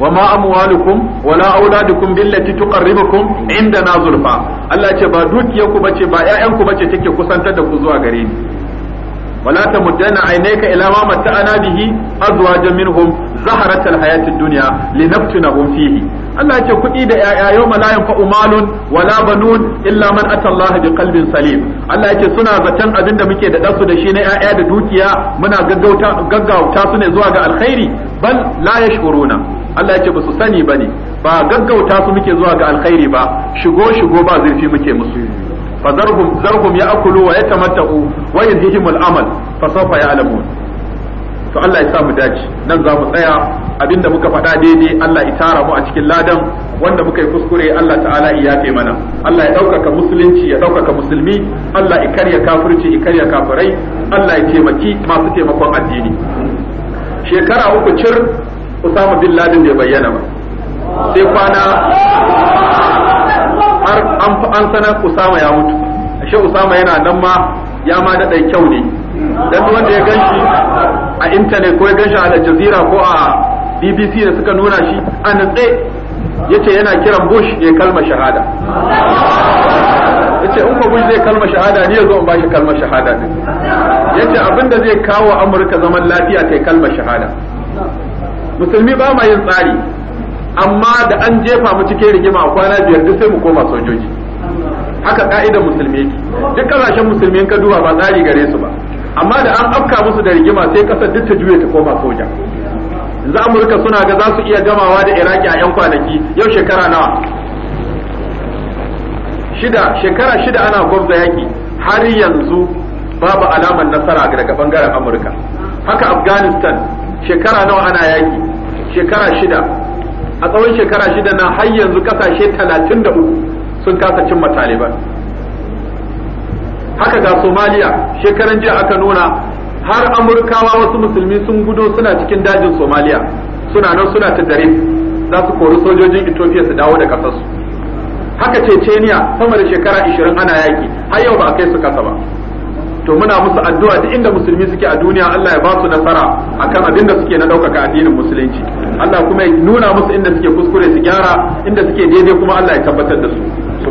wa ma amwalukum wala auladukum billati tuqarribukum indana zulfa Allah ya ce ba dukiyarku bace ba ku bace take kusantar da ku zuwa gare ni ولا تمدن عينيك ila ما متعنا به ازواجا منهم زهرة الحياة الدنيا لنفتنهم fihi. Allah ya ce kuɗi da ƴaƴa yau la yanfa'u malun wala banun illa man ata Allah bi qalbin salim Allah ya ce suna zaton abin da muke da dasu da shi na ƴaƴa da dukiya muna gaggauta gaggauta su ne zuwa ga alkhairi bal la yashuruna Allah ya ce ba su sani ne. ba gaggauta su muke zuwa ga alkhairi ba shigo shigo ba zurfi muke musu fazarhum zarhum ya'kulu wa yatamatta'u wa yadhihimul amal fa sawfa ya'lamun to Allah ya sa mu dace nan za mu tsaya abinda muka faɗa daidai Allah ya tara mu a cikin ladan wanda muka yi kuskure Allah ta'ala ya yafe mana Allah ya ɗaukaka musulunci ya ɗaukaka musulmi Allah ya karya kafirci ya karya kafirai Allah ya taimaki masu taimakon addini shekara uku cir Usama bin Laden bai bayyana ba sai kwana har an sanar Usama ya mutu ashe Usama yana nan ma ya ma daɗa kyau ne dan wanda ya ganshi a intanet ko ya ganshi a Aljazeera ko a BBC da suka nuna shi a Ya yace yana kiran Bush ya kalma shahada yace in ko Bush zai kalma shahada ne yazo in bashi kalma shahada din yace abinda zai kawo Amurka zaman lafiya kai kalma shahada musulmi ba ma yin tsari amma da an jefa mu cikin rigima a kwana biyar duk sai mu koma sojoji haka ka'idar musulmi yake duk kasashen musulmi ka duba ba tsari gare su ba amma da an afka musu da rigima sai kasar duk ta juye ta koma soja yanzu amurka suna ga za su iya gamawa da iraki a 'yan kwanaki yau shekara nawa shida shekara shida ana gwamza yaki har yanzu babu alamar nasara daga bangaren amurka haka afghanistan shekara nawa ana yaki shekara shida a tsawon shekara shida na har yanzu kasashe talatin da uku sun kasa cimma taliban haka ga somaliya shekaran jiya aka nuna har amurkawa wasu musulmi sun gudo suna cikin dajin somaliya suna nan suna ta dare za su kori sojojin ethiopia su dawo da kasarsu haka ceceniya sama da shekara 20 ana yaki har yau ba a kai su kasa ba to muna musu addu'a duk inda musulmi suke a duniya Allah ya ba su nasara akan abin da suke na ɗaukaka addinin musulunci Allah kuma ya nuna musu inda suke kuskure su gyara inda suke daidai kuma Allah ya tabbatar da su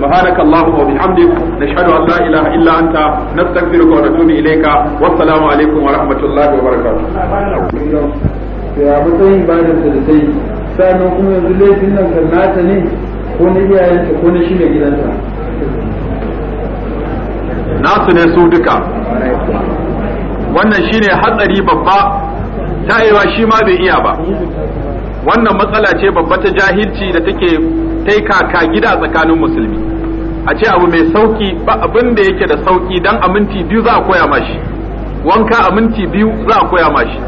subhanakallahumma wa bihamdik nashhadu an la ilaha illa anta nastaghfiruka wa natubu ilayka wassalamu alaikum wa rahmatullahi wa barakatuh ya matsayin da sannan kuma yanzu laifin nan kan nata ne ko na iyayenta ko na shi mai gidanta nasu ne su duka wannan shine hatsari babba ta yiwa shi ma bai iya ba wannan matsala ce babba ta jahilci da take taika ka gida tsakanin musulmi a ce abu mai sauki ba abin da yake da sauki dan a minti biyu za a koya mashi wanka a biyu za a koya mashi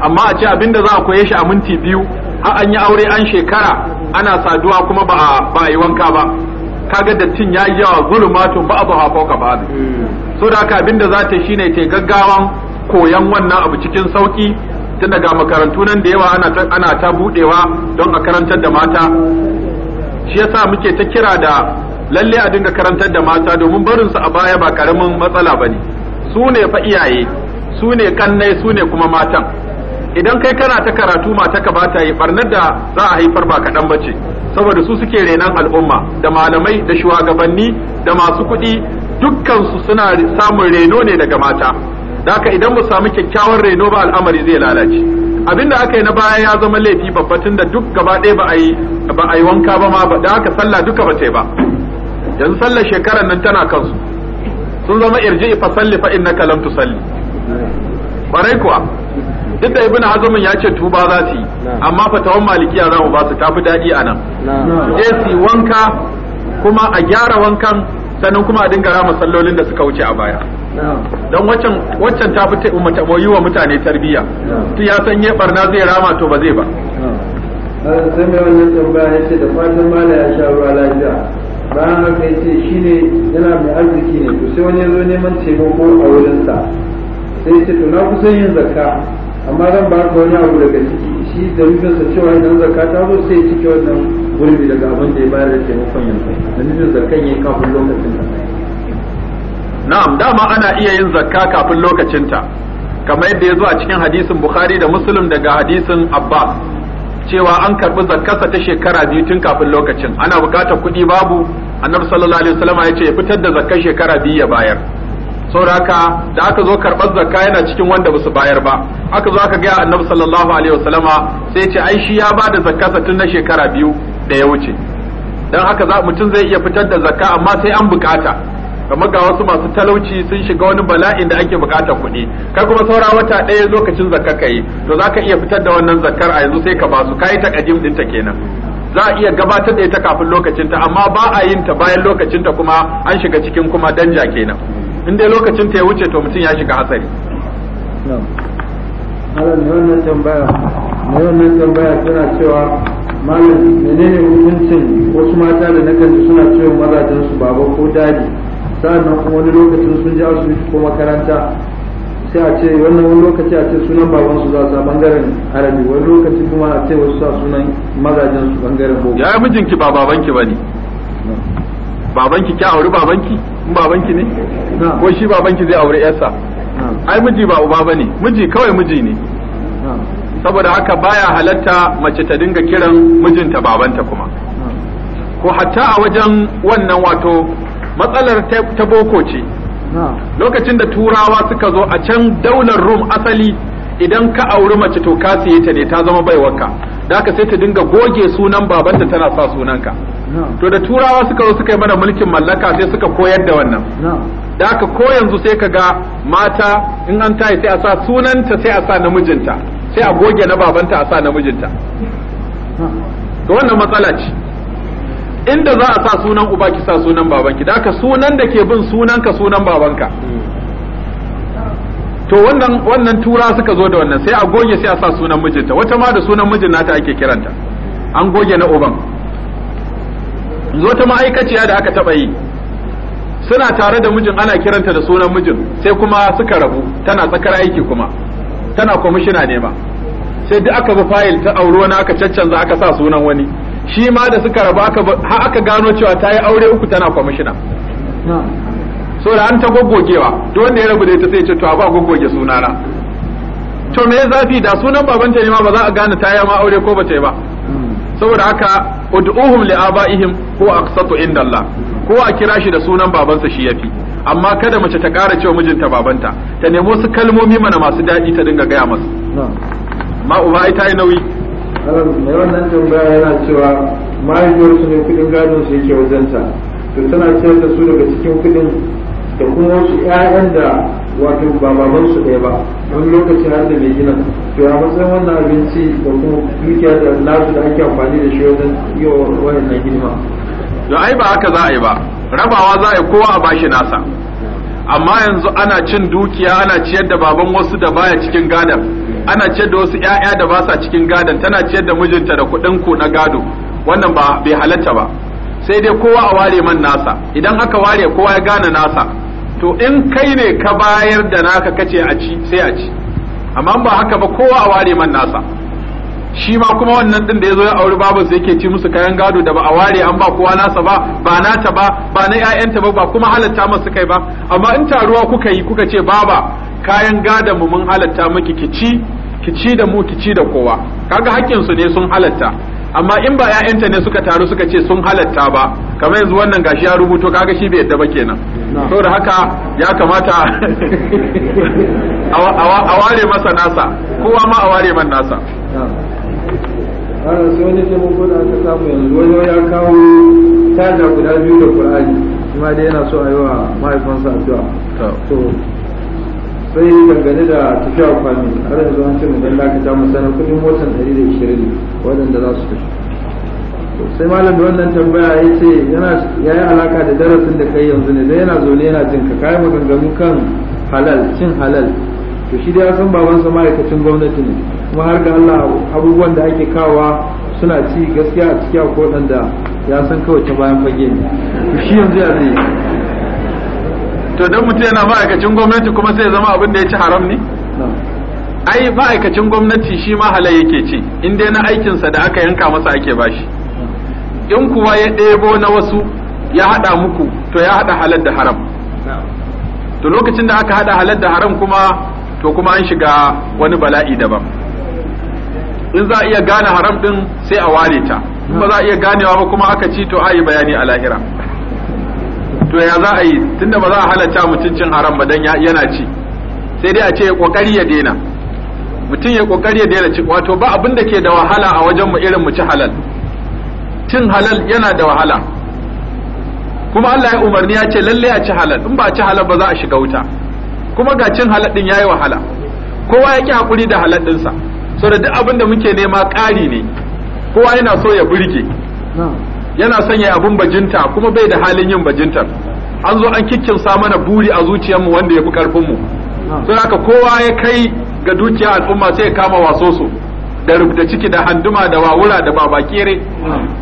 amma a ce abin da za a koya shi a minti biyu har an yi aure an shekara ana saduwa kuma ba a ba yi wanka ba kaga dattin ya yi yawa zulumatun ba abu hafa ka ba so da haka abin da za ta shine ta gaggawan koyan wannan abu cikin sauki tun daga makarantu nan da yawa ana ta budewa don a karantar da mata shi yasa muke ta kira da lalle a dinga karantar da mata domin barin su a baya ba karamin matsala ba ne su ne fa iyaye su ne kannai su ne kuma matan idan kai kana ta karatu mata ka bata yi barnar da za a haifar ba kaɗan ba ce saboda su suke renan al'umma da malamai da shugabanni da masu kuɗi dukkan su suna samun reno ne daga mata ka idan mu samu kyakkyawan reno ba al'amari zai lalace abin da aka yi na baya ya zama laifi babba tun da duk gaba ɗaya ba a yi wanka ba ma ba da haka sallah duka ba ta yi ba yanzu sallar shekarar nan tana kansu sun zama irji fa salli fa innaka lam tusalli barai kuwa duk da ibnu ya ce tuba za su yi amma fatawan malikiya za mu ba su tafi dadi a nan sai su wanka kuma a gyara wankan sannan kuma a dinga rama sallolin da suka wuce a baya don waccan waccan ta fi yi wa mutane tarbiyya tu ya san ya barna zai rama to ba zai ba sai mai wannan tambaya ya ce da fatan mala ya sha ruwa lafiya bayan haka ya ce shi ne yana mai arziki ne to sai wani ya zo neman taimako a wurinsa sai ya ce to na kusan yin zakka amma zan ba ka wani abu daga ciki shi da nufinsa cewa idan zakka ta zo sai ya cike wannan gurbi daga abin da ya bayar da taimakon yanzu da nufin zakkan ya yi kafin lokacin ta na'am dama ana iya yin zakka kafin lokacinta kamar yadda ya zo a cikin hadisin bukhari da muslim daga hadisin abbas cewa an karɓi zakkarsa ta shekara biyu tun kafin lokacin ana bukatar kuɗi babu annabi sallallahu alaihi wasallam ya ce fitar da zakkar shekara biyu ya bayar sauraka da aka zo karɓar zakka yana cikin wanda ba su bayar ba aka zo aka gaya annabi sallallahu alaihi wasallama sai ce ai shi ya ba da zakkarsa tun na shekara biyu da ya wuce dan haka mutum zai iya fitar da zakka amma sai an bukata kamar ga wasu masu talauci sun shiga wani bala'in da ake bukatar kuɗi kai kuma saura wata ɗaya lokacin zakka ka to zaka iya fitar da wannan zakkar a yanzu sai ka ba su kayi din ta kenan za a iya gabatar da ita kafin lokacin ta amma ba a yin ta bayan lokacin ta kuma an shiga cikin kuma danja kenan in dai lokacin ta ya wuce to mutum ya shiga hatsari. Malam wannan tambaya, tana cewa malam menene hukuncin wasu mata da kanta suna cewa mazajen su baba ko dadi sa'annan kuma wani lokacin sun ji asibiti ko makaranta sai a ce wannan wani lokaci a ce sunan baban su za su bangaren arabi wani lokaci kuma a ce wasu sa sunan mazajen su bangaren boko ya mijinki ba babanki bane babanki ki auri babanki in babanki ne ko shi babanki zai aure yarsa ai miji ba uba bane miji kawai miji ne saboda haka baya halatta mace ta dinga kiran mijinta babanta kuma ko hatta a wajen wannan wato matsalar ta boko ce lokacin da turawa suka zo a can daular rum asali idan ka auri mace to ka siye ta ne ta zama baiwarka da haka sai ta dinga goge sunan babanta tana sa sunanka to da turawa suka zo suka yi mana mulkin mallaka sai suka koyar da wannan da haka ko yanzu sai ka ga mata in an tayi sai a sa sunanta sai a sa namijinta sai a goge na babanta a sa namijinta to wannan matsala ce inda za a sa sunan uba ki sa sunan babanki da sunan da ke bin sunanka sunan babanka to wannan wannan tura suka zo da wannan sai a goge sai a sa sunan mijinta wata ma da sunan mijin nata ake kiranta an goge na uban zo ta ma'aikaciya da aka taba yi suna tare da mijin ana kiranta da sunan mijin sai kuma suka rabu tana tsakar aiki kuma tana kwamishina ne ma sai duk aka bi fayil ta aure na aka caccanza aka sa sunan wani shi ma da suka rabu har aka gano cewa ta yi aure uku tana kwamishina so da an ta goggogewa to wanda ya rabu da ita sai ce to ba goggoge sunana to me zafi da sunan babanta ne ma ba za a gane ta yi ma aure ko ba ta yi ba saboda haka ud'uhum li abaihim huwa aqsatu inda Allah ko a kira shi da sunan babansa shi yafi amma kada mace ta ƙara cewa mijinta babanta ta nemo su kalmomi mana masu daɗi ta dinga gaya masu ma uba ai ta yi nauyi mai wannan tambaya yana cewa mahaifiyarsu ne kudin gadon su yake wajenta to tana ciyar da su daga cikin kudin da kuma wasu 'ya'yan da wato ba baban su ɗaya ba wani lokaci har da mai gina to ya matsayin wannan abinci da kuma dukiya da nasu da ake amfani da shi wajen yi wa wannan hidima. da ai ba haka za a yi ba rabawa za a yi kowa a bashi nasa amma yanzu ana cin dukiya ana ciyar da baban wasu da baya cikin gadon ana ciyar da wasu ƴaƴa da ba sa cikin gadon tana ciyar da mijinta da kuɗin ku na gado wannan ba bai halatta ba sai dai kowa a ware man nasa idan aka ware kowa ya gane nasa to in kai ne ka bayar da naka kace a ci sai a ci amma ba haka ba kowa a ware man nasa shi ma kuma wannan din da ya zo ya auri babansa yake ci musu kayan gado da ba a ware an ba kowa nasa ba ba nata ba ba na ƴaƴanta ba ba kuma halatta masa kai ba amma in taruwa kuka yi kuka ce baba kayan gadon mu mun halatta miki ki ci ki ci da mu ki ci da kowa kaga hakkin su ne sun halatta amma in ba ƴaƴanta ne suka taru suka ce sun halatta ba kamar yanzu wannan gashi ya rubuto kaga shi bai yadda ba kenan to da haka ya kamata a ware masa nasa kowa ma a ware man nasa ana sai wani taimakon da aka samu yanzu wani ya kawo tada guda biyu da qur'ani kuma dai yana so a yi wa mahaifansa addu'a to sai dangane da tafiya kwami har yanzu an ce mu dan dakata mu sanar kudin motar ishirin waɗanda za su tafi sai malam da wannan tambaya ya ce yana ya yi alaka da darasin da kai yanzu ne dai yana zaune yana jin ka kayi maganganu kan halal cin halal to shi dai ya san babansa ma'aikacin gwamnati ne kuma har ga Allah abubuwan da ake kawa suna ci gaskiya a ciki akwai da ya san kawai ta bayan fage ne shi yanzu ya zai to don mutum yana ma'aikacin gwamnati kuma sai zama abin da ya ci haram ne ai ma'aikacin gwamnati shi ma halai yake ci in dai na aikinsa da aka yanka masa ake bashi in kuwa ya ɗebo na wasu ya haɗa muku to ya haɗa halal da haram to lokacin da aka haɗa halal da haram kuma to kuma an shiga wani bala'i daban in za a iya gane haram din sai a ware ta in ba za a iya ganewa ba kuma aka ci to ayi bayani a lahira to ya za a yi tunda ba za a halatta mutum cin haram ba dan yana ci sai dai a ce kokari ya daina mutum ya kokari ya daina ci wato ba abin da ke da wahala a wajen mu irin mu ci halal cin halal yana da wahala kuma Allah ya umarni ya ce lalle a ci halal in ba a ci halal ba za a shiga wuta kuma ga cin halal din yayi wahala kowa ya ki hakuri da halal dinsa so da duk abin da muke nema ƙari ne kowa yana so ya burge yana son ya abin bajinta kuma bai da halin yin bajintar an zo an sa mana buri a zuciyarmu wanda ya fi mu sai haka kowa ya kai ga dukiya al'umma sai ya kama waso su da ciki da handuma da wawura da babakere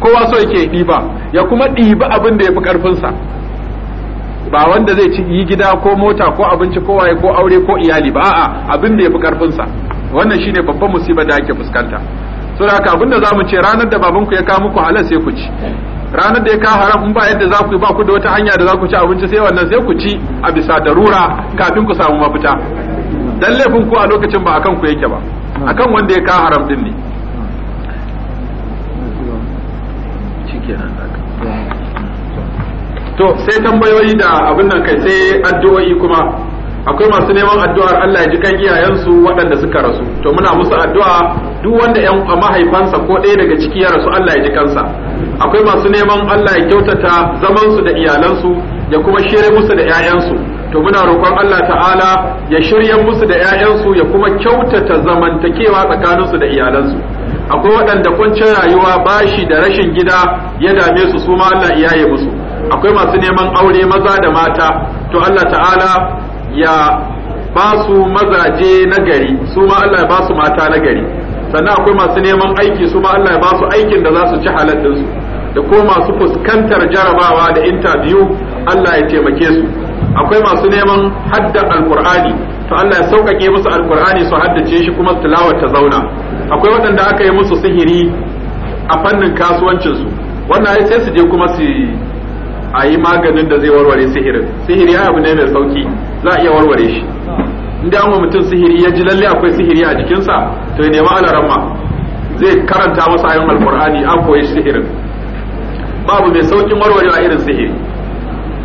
kowa so yake ɗiba ya kuma ɗiba abin da ya fi ƙarfinsa ba wanda zai ci yi gida ko mota ko abinci ko waye ko aure ko iyali ba a'a abin da ya fi ƙarfinsa wannan shine babban musiba da ake fuskanta so da haka abinda zamu ce ranar da babanku ya kawo muku halal sai ku ci ranar da ya kawo haram in ba yadda za ku ba ku da wata hanya da za ku ci abinci sai wannan sai ku ci a bisa darura kafin ku samu mafita dan laifin ku a lokacin ba akan ku yake ba akan wanda ya kawo haram din ne to sai tambayoyi da abin nan kai sai addu'o'i kuma akwai masu neman addu'ar Allah ya ji kan iyayensu waɗanda suka rasu to muna musu addu'a duk wanda yan mahaifansa ko ɗaya daga ciki ya rasu Allah ya ji kansa akwai masu neman Allah ya kyautata zaman su da iyalansu ya kuma shirye musu da ƴaƴansu to muna roƙon Allah ta'ala ya shirye musu da ƴaƴansu ya kuma kyautata zamantakewa tsakaninsu da iyalansu akwai waɗanda kwancin rayuwa bashi da rashin gida ya dame su su ma Allah iyaye musu akwai masu neman aure maza da mata to Allah ta'ala ya ba su mazaje na gari su ma Allah ya ba su mata na gari sannan akwai masu neman aiki su ma Allah ya ba su aikin da za su ci halattun su da ko masu fuskantar jarabawa da interview Allah ya taimake su akwai masu neman haddan alkur'ani to Allah ya sauƙaƙe musu alkur'ani su haddace shi kuma tilawar ta zauna akwai waɗanda aka yi musu sihiri a fannin kasuwancinsu wannan sai su je kuma su a yi maganin da zai warware sihirin sihiri abu ne mai sauki za a iya warware shi inda an mutum sihiri ya ji lalle akwai sihiri a jikinsa to ya nema alaramma zai karanta masa ayon alkur'ani an koyi sihirin babu mai saukin warwarewa irin sihiri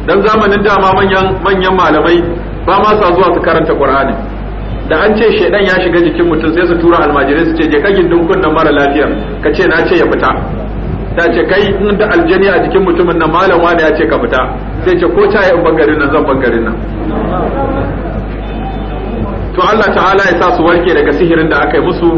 dan zamanin dama manyan manyan malamai ba ma sa zuwa su karanta qur'ani da an ce shedan ya shiga jikin mutum sai su tura almajirai su ce je ka gindin kunnan mara lafiyar ka ce na ce ya fita ta ce kai in da aljani a jikin mutumin nan malam wani ya ce ka fita sai ce ko ta in bangarin nan zan bangarin nan to Allah ta'ala ya sa su warke daga sihirin da aka yi musu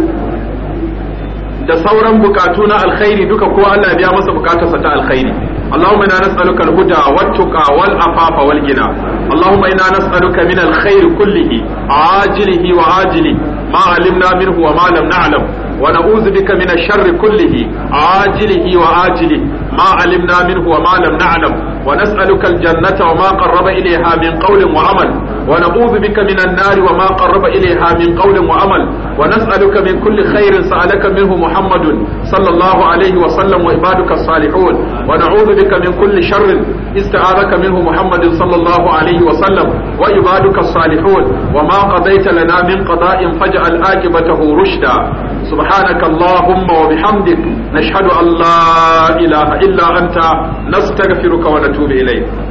da sauran bukatu na alkhairi duka ko Allah ya biya masa bukatarsa ta alkhairi اللهم انا نسالك الهدى والتقى والعفاف والغنى اللهم انا نسالك من الخير كله عاجله وعاجله ما علمنا منه وما لم نعلم ونعوذ بك من الشر كله عاجله وآجله Ma'alim na amin wa malam na alam wa nas'alukan jannata wa maƙar raba inai hamin ƙaunin wa'aman wa na udubikan min annari wa maƙar raba inai hamin ƙaunin wa'aman wa nas'aluka min kulli kherin sa araka muhammadun sallallahu alaihi wa sallam wa ibaduka sali'un wa na udubikan min kulli sharrin ista araka min muhammadun sallallahu alaihi wa sallam wa ibaduka sali'un wa maƙa zaita la min ƙasa in faja al'aki ba ta un rusda subhana kan lo wa bihamdi na shanu allah illa. illa anta nastaghfiruka wa natubu ilayk